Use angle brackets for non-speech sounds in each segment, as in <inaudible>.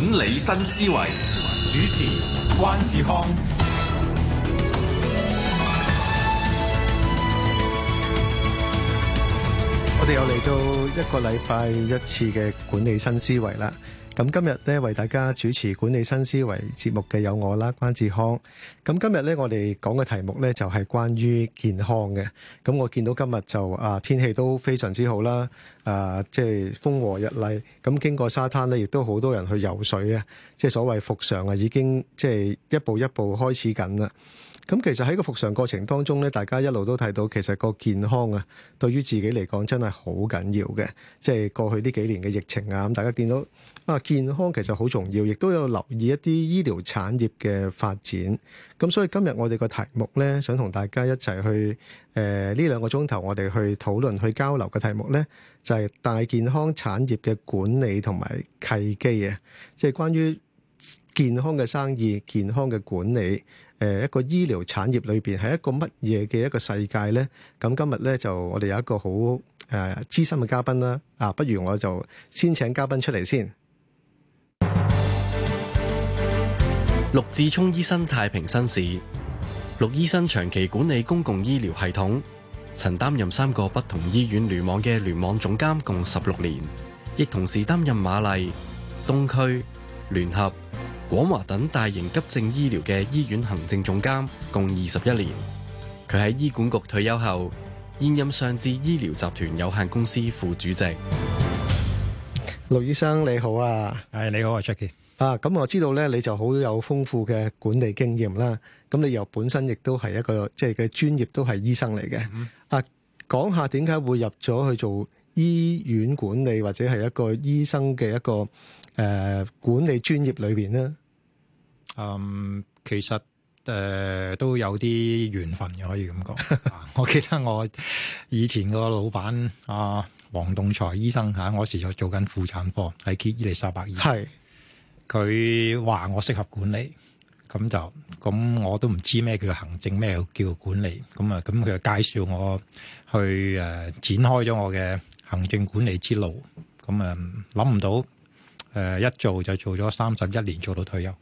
管理新思維，主持關志康。我哋又嚟到一個禮拜一次嘅管理新思維啦。咁今日咧為大家主持管理新思維節目嘅有我啦，關智康。咁今日咧我哋講嘅題目咧就係關於健康嘅。咁我見到今日就啊天氣都非常之好啦，啊即係風和日麗。咁經過沙灘咧，亦都好多人去游水啊，即係所謂復常啊，已經即係一步一步開始緊啦。咁其實喺個復常過程當中咧，大家一路都睇到，其實個健康啊，對於自己嚟講真係好緊要嘅。即係過去呢幾年嘅疫情啊，咁大家見到啊，健康其實好重要，亦都有留意一啲醫療產業嘅發展。咁所以今日我哋個題目咧，想同大家一齊去誒呢兩個鐘頭，我哋去討論、去交流嘅題目咧，就係大健康產業嘅管理同埋契機啊！即係關於健康嘅生意、健康嘅管理。誒一個醫療產業裏面係一個乜嘢嘅一個世界呢？咁今日呢，就我哋有一個好誒資深嘅嘉賓啦。啊，不如我就先請嘉賓出嚟先。陸志聰醫生太平紳士，陸醫生長期管理公共醫療系統，曾擔任三個不同醫院聯網嘅聯網總監共十六年，亦同時擔任瑪麗東區聯合。廣華等大型急症醫療嘅醫院行政總監，共二十一年。佢喺醫管局退休後，現任上智醫療集團有限公司副主席。盧醫生你好啊，係你好啊，Jackie 啊，咁、嗯、我知道咧，你就好有豐富嘅管理經驗啦。咁你又本身亦都係一個即係佢嘅專業都係醫生嚟嘅。啊，講下點解會入咗去做醫院管理或者係一個醫生嘅一個？誒、呃，管理專業裏邊咧，嗯，其實誒、呃、都有啲緣分嘅，可以咁講。 <laughs> 我記得我以前個老闆阿黃棟才醫生吓、啊，我時就做緊婦產科喺揭伊麗莎白醫院。係佢話我適合管理，咁就咁我都唔知咩叫行政，咩叫管理咁啊？咁佢就介紹我去誒展開咗我嘅行政管理之路，咁啊諗唔到。誒，一做就做咗三十一年，做到退休。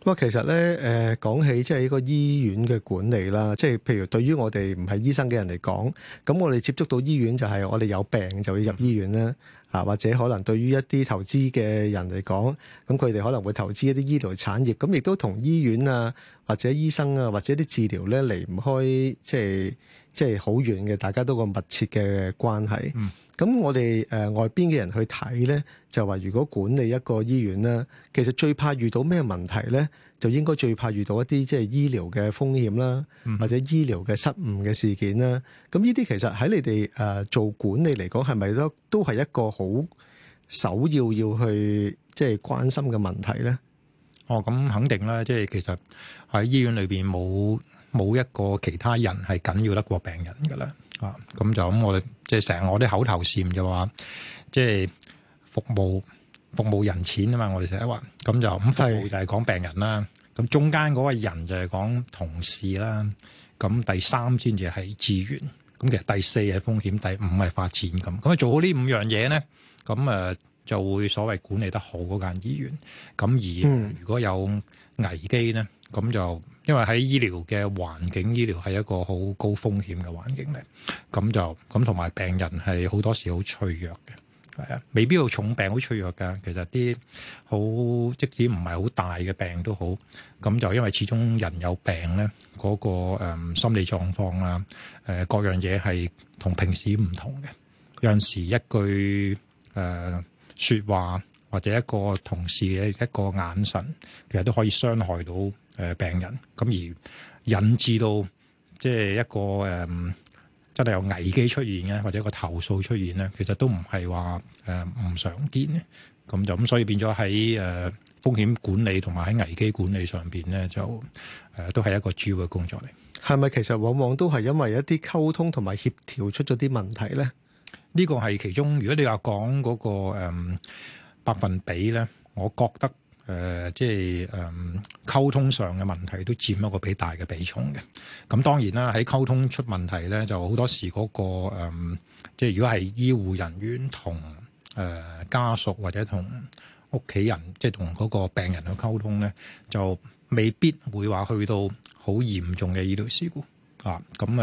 不過其實咧，誒、呃，講起即係呢個醫院嘅管理啦，即係譬如對於我哋唔係醫生嘅人嚟講，咁我哋接觸到醫院就係我哋有病就要入醫院啦，嗯、啊，或者可能對於一啲投資嘅人嚟講，咁佢哋可能會投資一啲醫療產業，咁亦都同醫院啊，或者醫生啊，或者啲治療咧，離唔開、即係，即係即係好遠嘅，大家都有密切嘅關係。嗯咁我哋誒外邊嘅人去睇咧，就話如果管理一個醫院咧，其實最怕遇到咩問題咧，就應該最怕遇到一啲即係醫療嘅風險啦，或者醫療嘅失誤嘅事件啦。咁呢啲其實喺你哋誒做管理嚟講，係咪都都係一個好首要要去即係關心嘅問題咧？哦，咁肯定啦，即係其實喺醫院裏邊冇冇一個其他人係緊要得過病人㗎啦，啊咁就咁我哋即係成日我啲口頭禪就話，即係服務服務人錢啊嘛，我哋成日話，咁就咁服務就係講病人啦，咁中間嗰個人就係講同事啦，咁第三先至係資源，咁其實第四係風險，第五係發展咁，咁啊做好呢五樣嘢咧，咁誒就會所謂管理得好嗰間醫院，咁而如果有危機咧，咁就。因為喺醫療嘅環境，醫療係一個好高風險嘅環境嚟，咁就咁，同埋病人係好多時好脆弱嘅，係啊，未必要重病好脆弱嘅。其實啲好即使唔係好大嘅病都好，咁就因為始終人有病咧，嗰個誒心理狀況啊，誒各樣嘢係同平時唔同嘅。有陣時一句誒説話，或者一個同事嘅一個眼神，其實都可以傷害到。誒，病人咁而引致到即係一個誒，真係有危機出現咧，或者一個投訴出現咧，其實都唔係話誒唔常見咧，咁就咁，所以變咗喺誒風險管理同埋喺危機管理上邊咧，就誒都係一個主要嘅工作嚟。係咪其實往往都係因為一啲溝通同埋協調出咗啲問題咧？呢個係其中，如果你話講嗰個誒百分比咧，我覺得。誒、呃，即係誒，溝、嗯、通上嘅問題都佔一個比較大嘅比重嘅。咁當然啦，喺溝通出問題咧，就好多時嗰、那個誒、嗯，即係如果係醫護人員同誒、呃、家屬或者同屋企人，即係同嗰個病人去溝通咧，就未必會話去到好嚴重嘅醫療事故啊。咁、嗯、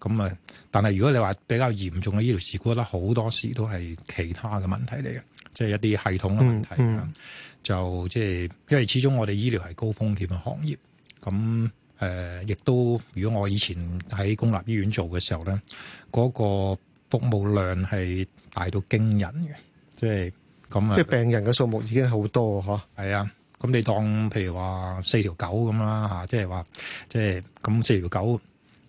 誒、咁、嗯、誒，但係如果你話比較嚴重嘅醫療事故咧，好多時都係其他嘅問題嚟嘅，即係一啲系統嘅問題。嗯嗯就即係，因為始終我哋醫療係高風險嘅行業，咁誒亦都，如果我以前喺公立醫院做嘅時候咧，嗰個服務量係大到驚人嘅，即係咁。即係病人嘅數目已經好多嚇，係啊！咁你當譬如話四條狗咁啦嚇，即係話即係咁四條狗，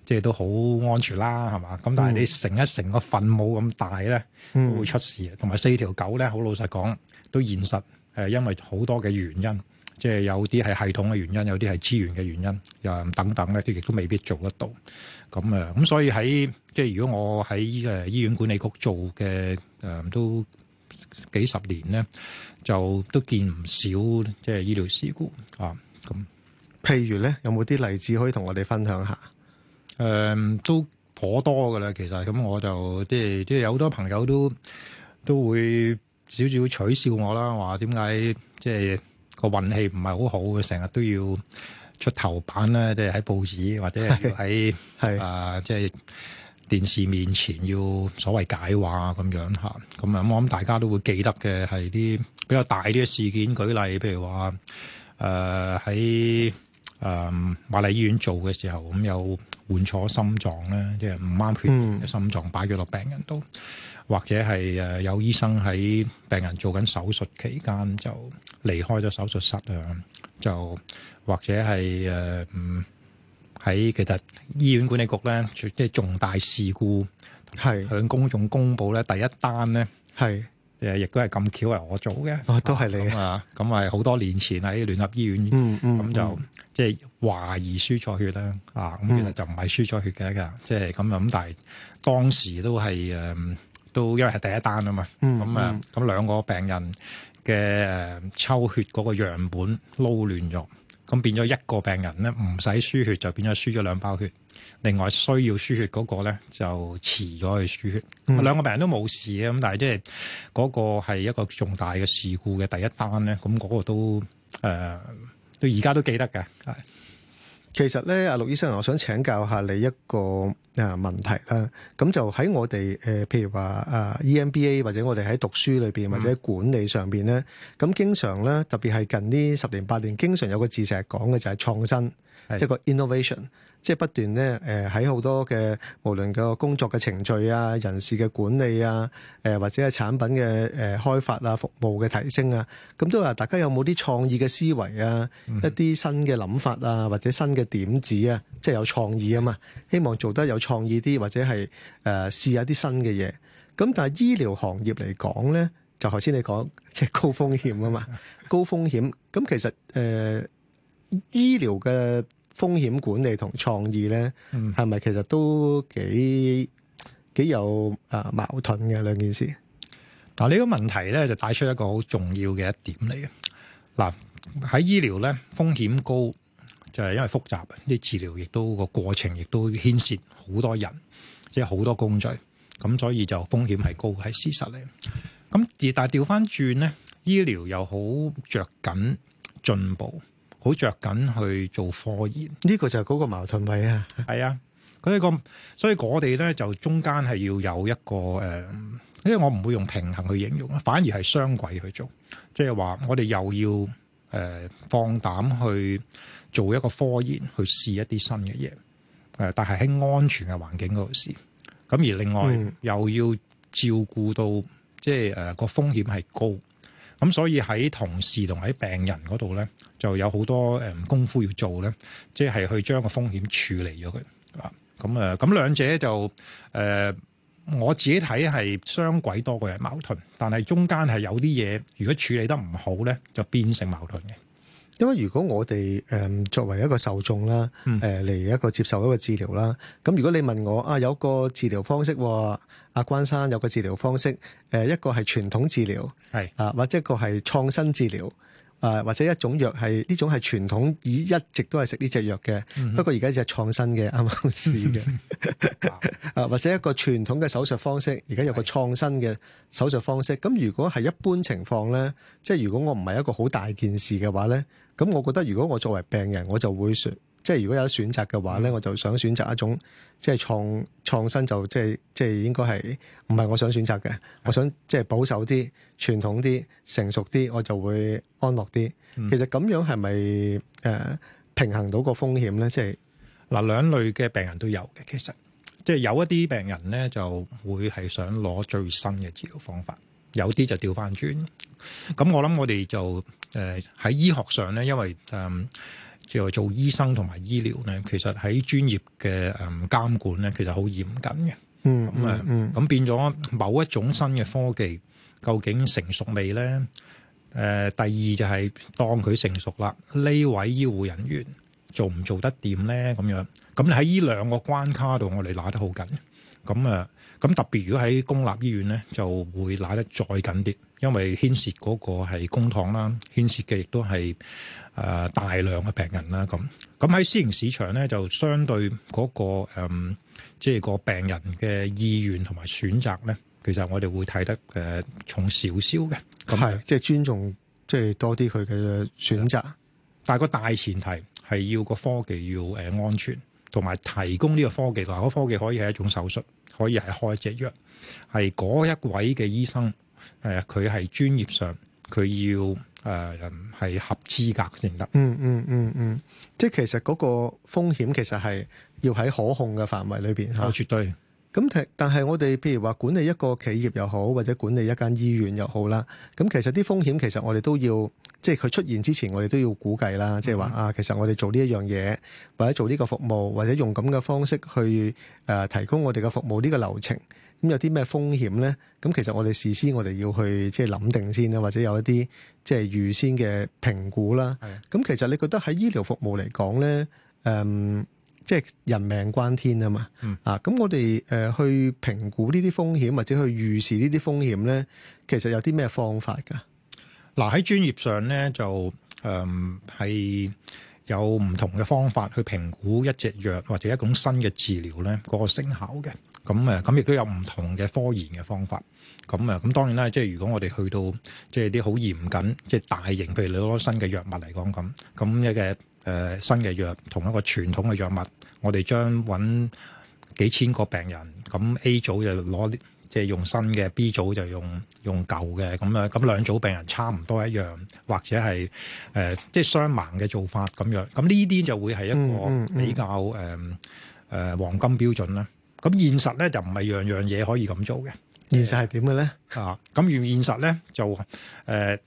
即係都好安全啦，係嘛？咁、嗯、但係你成一成個份冇咁大咧，會出事。同埋、嗯、四條狗咧，好老實講都現實。誒，因為好多嘅原因，即係有啲係系統嘅原因，有啲係資源嘅原因，誒等等咧，都亦都未必做得到。咁誒，咁所以喺即係如果我喺誒醫院管理局做嘅誒，都幾十年咧，就都見唔少即係醫療事故啊。咁譬如咧，有冇啲例子可以同我哋分享下？誒，都頗多㗎啦，其實咁我就即係即係有好多朋友都都會，少少取笑我啦，話點解即係個運氣唔係好好嘅，成日都要出頭版咧，即係喺報紙或者喺啊、呃、即係電視面前要所謂解話咁樣吓，咁啊我諗大家都會記得嘅係啲比較大啲嘅事件，舉例譬如話誒喺誒瑪麗醫院做嘅時候咁、嗯、有。換錯心臟咧，即係唔啱血心臟擺咗落病人度、嗯，或者係誒有醫生喺病人做緊手術期間就離開咗手術室啊，就或者係誒，喺其實醫院管理局咧，即係重大事故係是向公眾公布咧，第一單咧係。誒，亦都係咁巧，係我做嘅、哦，都係你嘅啊。咁啊，咁係好多年前喺聯合醫院咁、嗯嗯、就即係、就係、懷疑輸錯血啦。嗯、啊，咁其實就唔係輸錯血嘅，噶即係咁咁，但係當時都係誒、嗯，都因為係第一單啊嘛。咁、嗯、啊，咁、嗯、兩個病人嘅、呃、抽血嗰個樣本撈亂咗，咁變咗一個病人咧唔使輸血，就變咗輸咗兩包血。另外需要輸血嗰個咧就遲咗去輸血，兩個病人都冇事嘅咁，但係即係嗰、嗰個係一個重大嘅事故嘅第一單咧，咁、嗰、嗰個都誒，都而家都記得嘅。係其實咧，阿陸醫生，我想請教下你一個啊問題啦。咁就喺我哋、呃、譬如話啊 EMBA 或者我哋喺讀書裏面，或者管理上面咧，咁、嗯、經常咧特別係近呢十年八年，經常有個字成日講嘅就係、是、創新。即個 innovation，即係不斷咧，誒喺好多嘅無論個工作嘅程序啊、人事嘅管理啊、誒或者係產品嘅誒開發啊、服務嘅提升啊，咁都話大家有冇啲創意嘅思維啊、一啲新嘅諗法啊，或者新嘅點子啊，即係有創意啊嘛，希望做得有創意啲，或者係誒試下啲新嘅嘢。咁但係醫療行業嚟講咧，就頭先你講即係高風險啊嘛，高風險。咁其實誒醫療嘅。風險管理同創意咧，係咪、嗯、其實都幾幾有誒矛盾嘅兩件事？嗱呢個問題咧就帶出一個好重要嘅一點嚟嘅。嗱喺醫療咧風險高，就係、是、因為複雜啲治療，亦都個過程亦都牽涉好多人，即係好多工序，咁所以就風險係高，係事實嚟。咁而但係調翻轉咧，醫療又好着緊進步。好着緊去做科研，呢個就係嗰個矛盾位啊！係啊，所以個所以我哋咧就中間係要有一個誒、呃，因為我唔會用平衡去形容啊，反而係雙軌去做，即係話我哋又要誒、呃、放膽去做一個科研，去試一啲新嘅嘢，誒、呃，但係喺安全嘅環境嗰度試。咁而另外、嗯、又要照顧到，即係誒個風險係高。咁、嗯、所以喺同事同喺病人嗰度咧，就有好多誒功、嗯、夫要做咧，即係去將個風險處理咗佢。啊、嗯，咁、嗯、誒，咁、嗯、兩者就誒、呃、我自己睇係雙軌多過係矛盾，但係中間係有啲嘢，如果處理得唔好咧，就變成矛盾嘅。因為如果我哋誒作為一個受眾啦，誒嚟一個接受一個治療啦，咁如果你問我啊，有個治療方式，阿關生有個治療方式，誒一個係傳統治療，啊係，或者一個係創新治療。啊，或者一種藥係呢種係傳統，以一直都係食呢隻藥嘅。嗯、哼不過而家只係創新嘅啱啱試嘅。啊， <laughs> <laughs> 或者一個傳統嘅手術方式，而家有個創新嘅手術方式。咁的如果係一般情況咧，即係如果我唔係一個好大件事嘅話咧，咁我覺得如果我作為病人，我就會選，即係如果有得選擇嘅話咧，我就想選擇一種。即係創創新就即係即係應該係唔係我想選擇嘅，嗯、我想即係保守啲、傳統啲、成熟啲，我就會安樂啲。其實咁樣係咪誒平衡到個風險咧？即係嗱、嗯，兩類嘅病人都有嘅。其實即係有一啲病人咧就會係想攞最新嘅治療方法，有啲就掉翻轉。咁我諗我哋就誒喺、呃、醫學上咧，因為誒。呃即係做醫生同埋醫療咧，其實喺專業嘅誒監管咧，其實好嚴謹嘅。嗯，咁啊，咁變咗某一種新嘅科技，究竟成熟未咧？誒，第二就係當佢成熟啦，呢位醫護人員做唔做得掂咧？咁樣，咁你喺呢兩個關卡度，我哋拉得好緊。咁啊，咁特別如果喺公立醫院咧，就會拉得再緊啲，因為牽涉嗰個係公帑啦，牽涉嘅亦都係。誒大量嘅病人啦，咁咁喺私營市場咧，就相對嗰個誒，即係個病人嘅意願同埋選擇咧，其實我哋會睇得誒重少少嘅，咁係即係尊重，即係多啲佢嘅選擇，但係個大前提係要個科技要誒安全，同埋提供呢個科技嗱，個科技可以係一種手術，可以係開隻藥，係嗰一位嘅醫生誒，佢係專業上佢要。誒，係、呃、合資格先得、嗯。嗯嗯嗯嗯，即係其實嗰個風險其實係要喺可控嘅範圍裏面。嚇。絕對。咁、啊、但係我哋譬如話管理一個企業又好，或者管理一間醫院又好啦。咁其實啲風險其實我哋都要，即係佢出現之前我哋都要估計啦。即係話啊，其實我哋做呢一樣嘢，或者做呢個服務，或者用咁嘅方式去誒提供我哋嘅服務呢個流程。咁有啲咩風險咧？咁其實我哋事先我哋要去即係諗定先啦，或者有一啲即係預先嘅評估啦。咁係其實你覺得喺醫療服務嚟講咧，誒即係人命關天啊嘛。嗯、啊，咁我哋誒去評估呢啲風險或者去預示呢啲風險咧，其實有啲咩方法噶？嗱喺專業上咧就誒係、嗯、有唔同嘅方法去評估一隻藥或者一種新嘅治療咧，嗰個成效嘅。咁誒，咁亦都有唔同嘅科研嘅方法。咁咁當然啦，即係如果我哋去到即係啲好嚴謹，即係大型，譬如你攞新嘅藥物嚟講咁，咁一嘅新嘅藥，同一個傳統嘅藥物，我哋將揾幾千個病人，咁 A 組就攞即係用新嘅，B 組就用用舊嘅，咁樣咁兩組病人差唔多一樣，或者係誒即係雙盲嘅做法咁樣。咁呢啲就會係一個比較誒誒黃金標準啦。咁現實咧就唔係樣樣嘢可以咁做嘅，現實係點嘅咧？咁如 <laughs> 現實咧就誒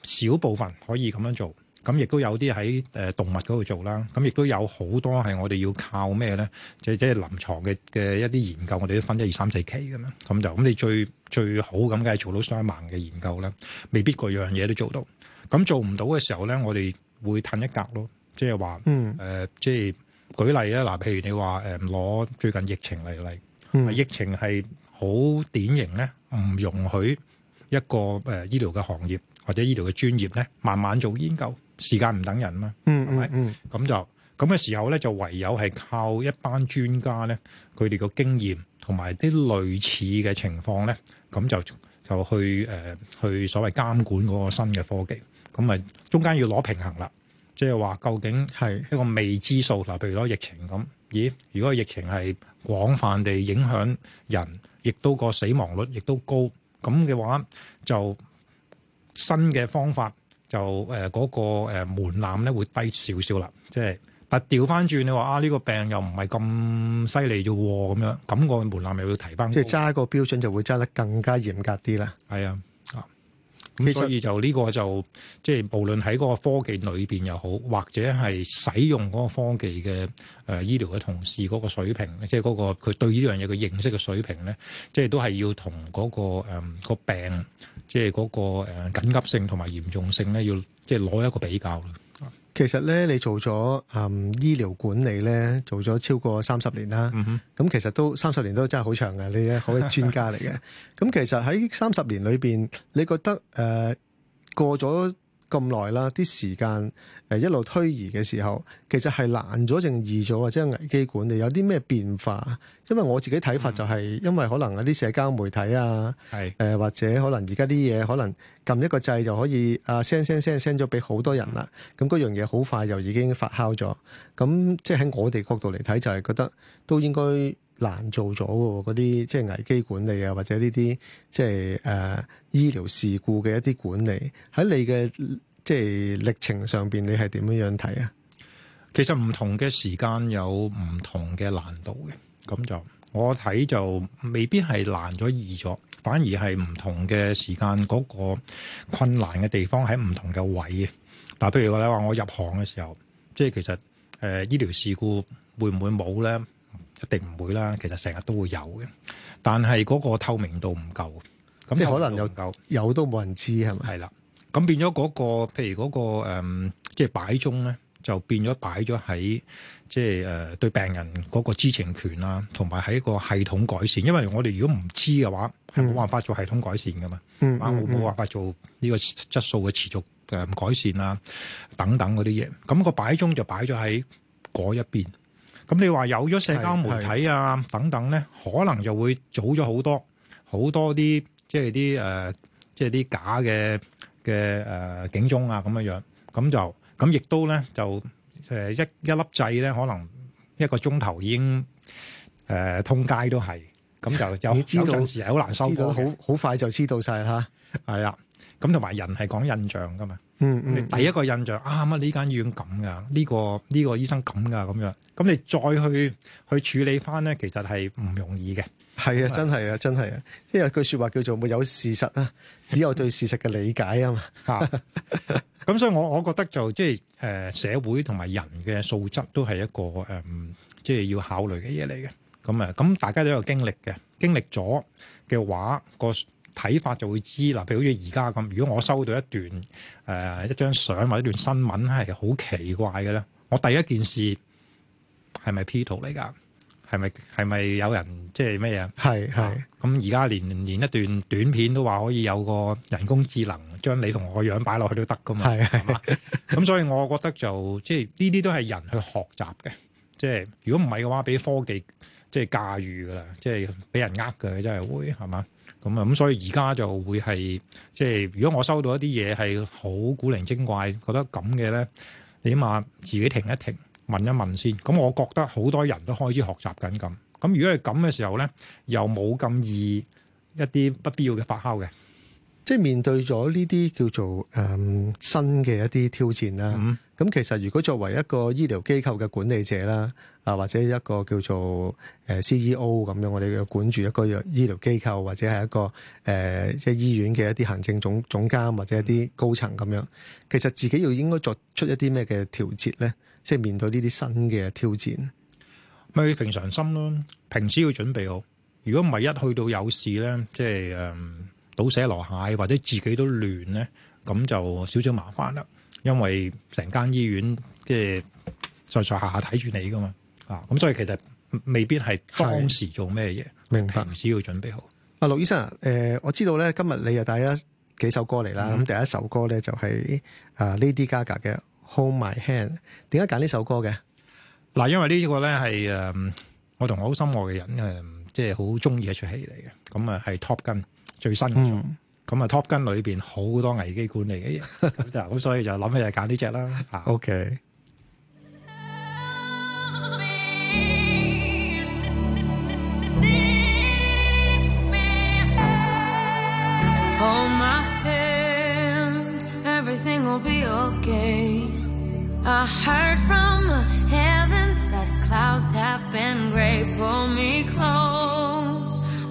少、呃、部分可以咁樣做，咁亦都有啲喺誒動物嗰度做啦，咁亦都有好多係我哋要靠咩咧？即係即係臨床嘅嘅一啲研究，我哋都分一二三四期咁樣，咁就咁你最最好咁梗係做到雙盲萬嘅研究啦，未必個樣嘢都做到。咁做唔到嘅時候咧，我哋會褪一格咯，即係嗯呃、即係話即係舉例啊，嗱，譬如你話誒攞最近疫情嚟嚟嗯、疫情係好典型咧，唔容許一個誒、呃、醫療嘅行業或者醫療嘅專業咧，慢慢做研究，時間唔等人嘛。嗯嗯嗯，咁吧、嗯、就咁嘅時候咧，就唯有係靠一班專家咧，佢哋嘅經驗同埋啲類似嘅情況咧，咁就就去誒、呃、去所謂監管嗰個新嘅科技。咁啊，中間要攞平衡啦，即係話究竟係一個未知數。嗱是，譬如攞疫情咁，咦？如果疫情係廣泛地影響人，亦都個死亡率亦都高，咁嘅話就新嘅方法就嗰、呃個門檻咧會低少少啦，即係、嗯、但調翻轉你話啊呢個病又唔係咁犀利啫喎，咁樣咁個門檻咪要提翻，即係揸個標準就會揸得更加嚴格啲啦。係啊。咁所以就呢個就即係、就是、無論喺嗰個科技裏邊又好，或者係使用嗰個科技嘅誒、呃、醫療嘅同事嗰個水平，即係嗰個佢對呢樣嘢嘅認識嘅水平咧，即、就、係、是、都係要同嗰、那個誒、呃、個病，即係嗰個誒、呃、緊急性同埋嚴重性咧，要即係攞一個比較。其實咧，你做咗誒、嗯、醫療管理咧，做咗超過三十年啦。咁、嗯、哼其實都三十年都真係好長㗎。你係好專家嚟嘅。咁 <laughs> 其實喺三十年裏邊，你覺得誒、呃、過咗咁耐啦，啲時間。一路推移嘅時候，其實係難咗定易咗或者係危機管理有啲咩變化？因為我自己睇法就係、是，嗯、因為可能有啲社交媒體啊，係誒是、呃、或者可能而家啲嘢可能撳一個掣就可以啊 send send send send 咗俾好多人啦。咁嗰、嗯、樣嘢好快又已經發酵咗。咁即係喺我哋角度嚟睇，就係、是、覺得都應該難做咗嘅。嗰啲即係危機管理啊，或者呢啲即係誒、啊、醫療事故嘅一啲管理喺你嘅。即係歷程上邊，你係點樣樣睇啊？其實唔同嘅時間有唔同嘅難度嘅，咁就我睇就未必係難咗易咗，反而係唔同嘅時間嗰個困難嘅地方喺唔同嘅位嘅。嗱，譬如話你話我入行嘅時候，即係其實誒醫療事故會唔會冇咧？一定唔會啦。其實成日都會有嘅，但係嗰個透明度唔夠，咁即係可能有唔夠，有都冇人知係咪？係啦。是咁變咗嗰、那個，譬如嗰、那個、嗯、即係擺鐘咧，就變咗擺咗喺即係誒、呃、對病人嗰個知情權啊，同埋喺個系統改善。因為我哋如果唔知嘅話，係冇、嗯、辦法做系統改善㗎嘛，冇冇辦法做呢個質素嘅持續改善啦、啊，等等嗰啲嘢。咁、那個擺鐘就擺咗喺嗰一邊。咁你話有咗社交媒體啊等等咧，可能就會早咗好多好多啲，即係啲誒，即係啲假嘅。嘅誒、呃、警鐘啊，咁樣樣，咁就咁亦都咧，就誒、呃、一一粒掣咧，可能一個鐘頭已經誒、呃、通街都係，咁就有知道有陣時好難收到，到好好快就知道晒嚇，係啊。咁同埋人係講印象噶嘛、嗯？嗯嗯。你第一個印象、嗯、啊，乜呢間醫院咁噶？呢、呢個呢、呢個醫生咁噶咁樣，咁你再去去處理翻咧，其實係唔容易嘅。係啊，真係啊，真係啊！即係有句說話叫做冇有事實啊， <laughs> 只有對事實嘅理解啊嘛。嚇！ <laughs> 咁所以我我覺得就即係、就是、社會同埋人嘅素質都係一個即係、嗯就是、要考慮嘅嘢嚟嘅。咁啊，咁大家都有經歷嘅，經歷咗嘅話個睇法就會知，嗱，譬如好似而家咁，如果我收到一段誒、呃、一張相或者一段新聞係好奇怪嘅咧，我第一件事係咪 P 圖嚟㗎？係咪係咪有人即係咩嘢？係係。咁而家連連一段短片都話可以有個人工智能將你同我個樣擺落去都得㗎嘛？係係嘛？咁所以我覺得就即係呢啲都係人去學習嘅。即係如果唔係嘅話，俾科技即係駕馭㗎啦，即係俾人呃嘅，真係會係嘛？咁啊，咁、嗯、所以而家就會係即係，如果我收到一啲嘢係好古靈精怪，覺得咁嘅咧，你起碼自己停一停，問一問先。咁、嗯、我覺得好多人都開始學習緊咁。咁、嗯、如果係咁嘅時候咧，又冇咁易一啲不必要嘅發酵嘅。即係面對咗呢啲叫做誒、嗯、新嘅一啲挑戰啦，咁、嗯、其實如果作為一個醫療機構嘅管理者啦，啊或者一個叫做、呃、CEO 咁樣，我哋要管住一個藥醫療機構或者係一個誒、呃、即係醫院嘅一啲行政總總監或者一啲高層咁樣，其實自己要應該作出一啲咩嘅調節咧？即係面對呢啲新嘅挑戰，咪平常心咯，平時要準備好。如果唔係一去到有事咧，即係誒。嗯倒瀉籮蟹，或者自己都亂咧，咁就少少麻煩啦。因為成間醫院即係在在下下睇住你噶嘛，啊，咁所以其實未必係當時做咩嘢，平時要準備好。啊，陸醫生，誒，我知道咧，今日你又帶咗幾首歌嚟啦。咁第一首歌咧就係啊 Lady Gaga 嘅 Hold My Hand，點解揀呢首歌嘅？嗱，因為呢一個咧係誒，我同我好心愛嘅人誒，即係好中意一出戲嚟嘅，咁啊係 Top Gun。最新咁，咁、嗯、啊 Top 跟裏邊好多危機管理嘅嘢，咁 <laughs> 所以就諗起就揀呢隻啦。嚇，O K。啊嗯嗯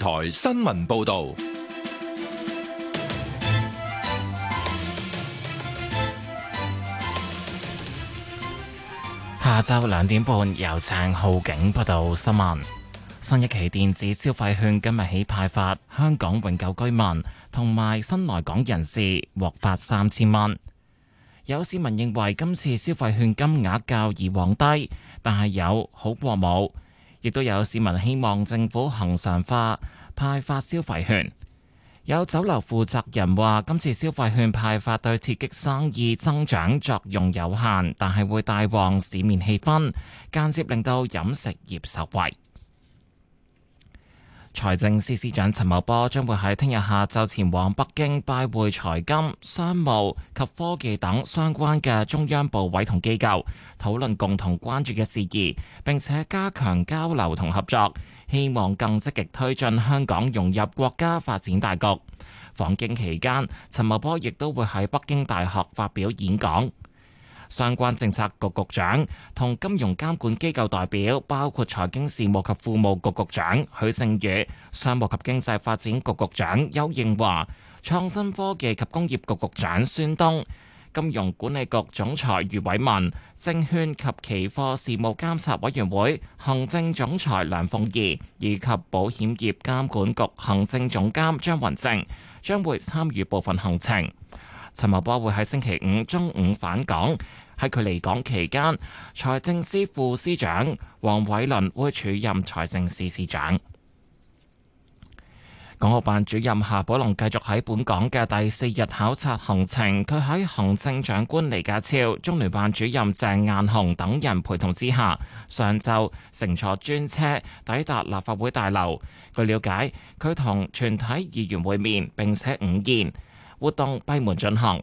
台新聞報導，下晝兩點半，有請浩景報道新聞。新一期電子消費券今日起派發，香港永久居民同埋新來港人士獲發三千蚊。有市民認為今次消費券金額較以往低，但係有好過冇。亦都有市民希望政府恒常化派發消費券。有酒樓負責人話：今次消費券派發對刺激生意增長作用有限，但係會帶旺市面氣氛，間接令到飲食業受惠。財政司司長陳茂波將會喺聽日下晝前往北京拜會財金、商務及科技等相關嘅中央部委同機構，討論共同關注嘅事宜，並且加強交流同合作，希望更積極推進香港融入國家發展大局。訪京期間，陳茂波亦都會喺北京大學發表演講。相關政策局局長同金融監管機構代表，包括財經事務及庫務局局長許正宇、商務及經濟發展局局長丘應樺、創新科技及工業局局，局長孫東、金融管理局總裁余偉文、證券及期貨事務監察委員會行政總裁梁鳳儀以及保險業監管局行政總監張雲正，將會參與部分行程。陳茂波會喺星期五中午返港。喺佢離港期間，財政司副司長黃偉綸會署任財政司司長。港澳辦主任夏寶龍繼續喺本港嘅第四日考察行程，佢喺行政長官李家超、中聯辦主任鄭雁雄等人陪同之下，上晝乘坐專車抵達立法會大樓。據了解，佢同全體議員會面並且午宴，活動閉門進行。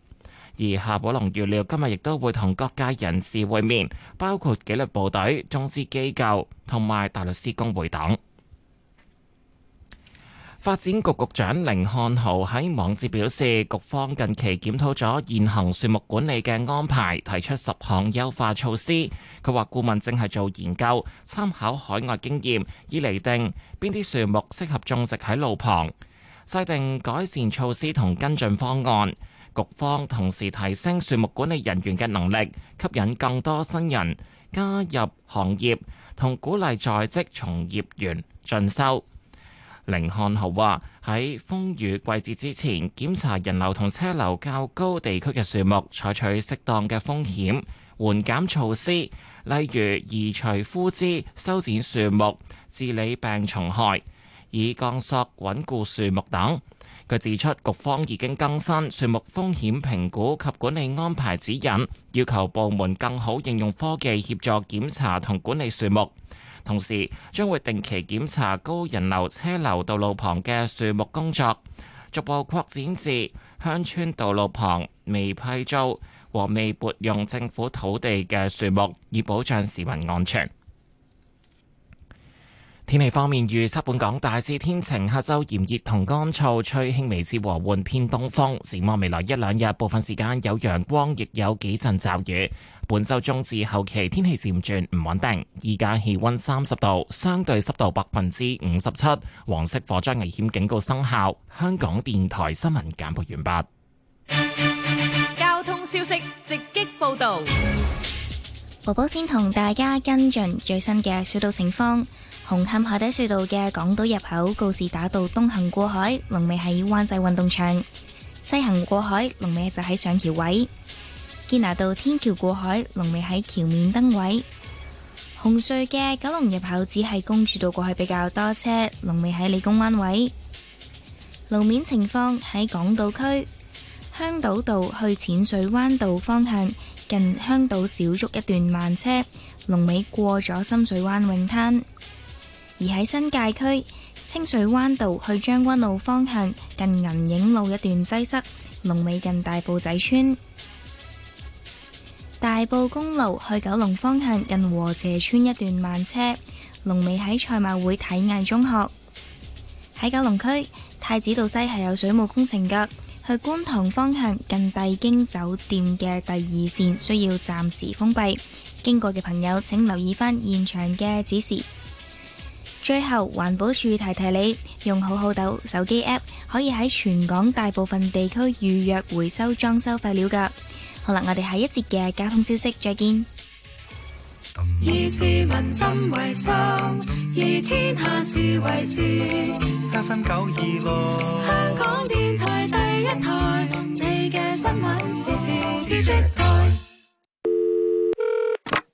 而夏寶龍預料今日亦都會同各界人士會面，包括紀律部隊、中資機構同埋大律師公會等。發展局局長凌漢豪喺網誌表示，局方近期檢討咗現行樹木管理嘅安排，提出十項優化措施。佢話顧問正係做研究，參考海外經驗，以釐定邊啲樹木適合種植喺路旁，制定改善措施同跟進方案。局方同時提升樹木管理人員嘅能力，吸引更多新人加入行業，同鼓勵在職從業員進修。凌漢豪話：喺風雨季節之前，檢查人流同車流較高地區嘅樹木，採取適當嘅風險緩減措施，例如移除枯枝、修剪樹木、治理病蟲害，以鋼索穩固樹木等。佢指出，局方已經更新樹木風險評估及管理安排指引，要求部門更好應用科技協助檢查同管理樹木，同時將會定期檢查高人流車流道路旁嘅樹木工作，逐步擴展至鄉村道路旁未批租和未撥用政府土地嘅樹木，以保障市民安全。天氣方面，預測本港大致天晴，下周炎熱同乾燥，吹輕微至和緩偏東風。展望未來一兩日，部分時間有陽光，亦有幾陣驟雨。本周中至後期天氣漸轉唔穩定。依家氣溫三十度，相對濕度百分之五十七，黃色火災危險警告生效。香港電台新聞簡報完畢。交通消息直擊報道，寶寶先同大家跟進最新嘅疏導情況。紅磡海底隧道嘅港島入口告士打道東行過海，龍尾喺灣仔運動場；西行過海，龍尾就喺上橋位。堅拿道天橋過海，龍尾喺橋面燈位。紅隧嘅九龍入口只係公主道過去比較多車，龍尾喺理工灣位。路面情況喺港島區，香島道去淺水灣道方向近香島小築一段慢車，龍尾過咗深水灣泳灘。而喺新界區清水灣道去將軍澳方向近銀影路一段擠塞，龍尾近大埔仔村；大埔公路去九龍方向近禾輋邨一段慢車，龍尾喺賽馬會體藝中學。喺九龍區太子道西係有水務工程嘅，去觀塘方向近帝京酒店嘅第二線需要暫時封閉，經過嘅朋友請留意返現場嘅指示。最後環保署提提你，用好好豆手機 app 可以喺全港大部分地區預約回收裝修廢料噶。好啦，我哋下一節嘅交通消息再見。以市民心為心，以天下事為事。香港電台第一台，你嘅新聞時事知識台。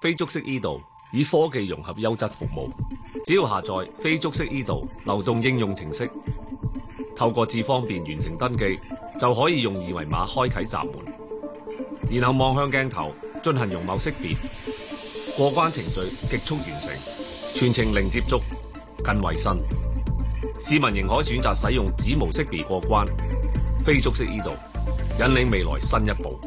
非觸式 e 道以科技融合優質服務，只要下載非觸式 e 道流動應用程式，透過智方便完成登記，就可以用二維碼開啟閘門，然後望向鏡頭進行容貌識別，過關程序極速完成，全程零接觸、更衛生。市民仍可選擇使用指模識別過關。非觸式 e 道引領未來新一步。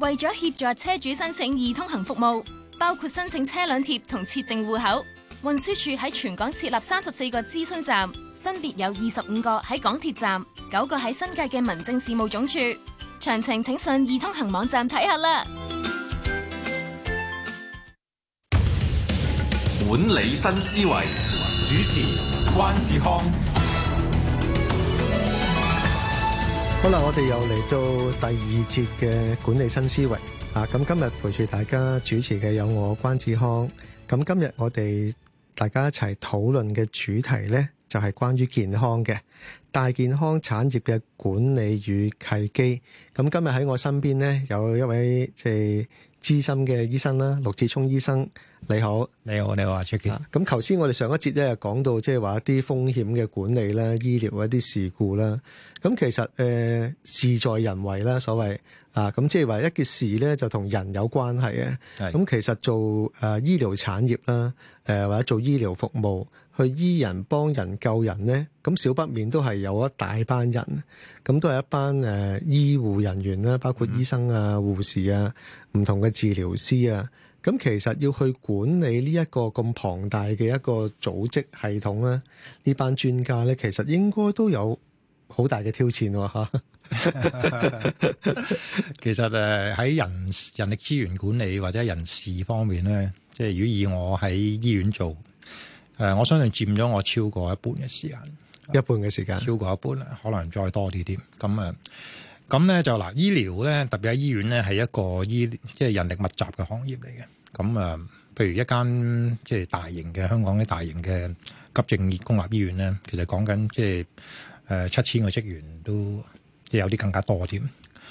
為咗協助車主申請易通行服務，包括申請車輛貼同設定戶口，運輸署喺全港設立三十四個諮詢站，分別有二十五個喺港鐵站，九個喺新界嘅民政事務總署。詳情請上易通行網站睇下啦。管理新思維，主持關智康。好啦，我哋又嚟到第二節嘅管理新思維啊！咁今日陪住大家主持嘅有我關智康。咁今日我哋大家一齊討論嘅主題呢，就係關於健康嘅大健康產業嘅管理與契機。咁今日喺我身邊呢，有一位即係。資深嘅醫生啦，陸志聰醫生你好，你好，你好，你好啊，Jack。咁頭先我哋上一節咧，講到即係話一啲風險嘅管理啦，醫療一啲事故啦。咁其實誒、呃、事在人為啦，所謂啊，咁即係話一件事咧就同人有關係嘅。咁是其實做誒、呃、醫療產業啦，誒、呃、或者做醫療服務。去醫人、幫人、救人咧，咁少不免都係有一大班人，咁都係一班誒、呃、醫護人員啦，包括醫生啊、護士啊、唔同嘅治療師啊，咁其實要去管理呢一個咁龐大嘅一個組織系統咧，呢班專家咧，其實應該都有好大嘅挑戰喎、啊、 <laughs> <laughs> 其實喺人人力資源管理或者人事方面咧，即係如果以我喺醫院做。誒，我相信佔咗我超過一半嘅時間，一半嘅時間超過一半咧，可能再多啲啲咁啊。咁咧就嗱，醫療咧特別喺醫院咧係一個醫即係、就是、人力密集嘅行業嚟嘅。咁啊，譬如一間即係大型嘅香港啲大型嘅急症公立醫院咧，其實講緊即係誒七千個職員都即係有啲更加多啲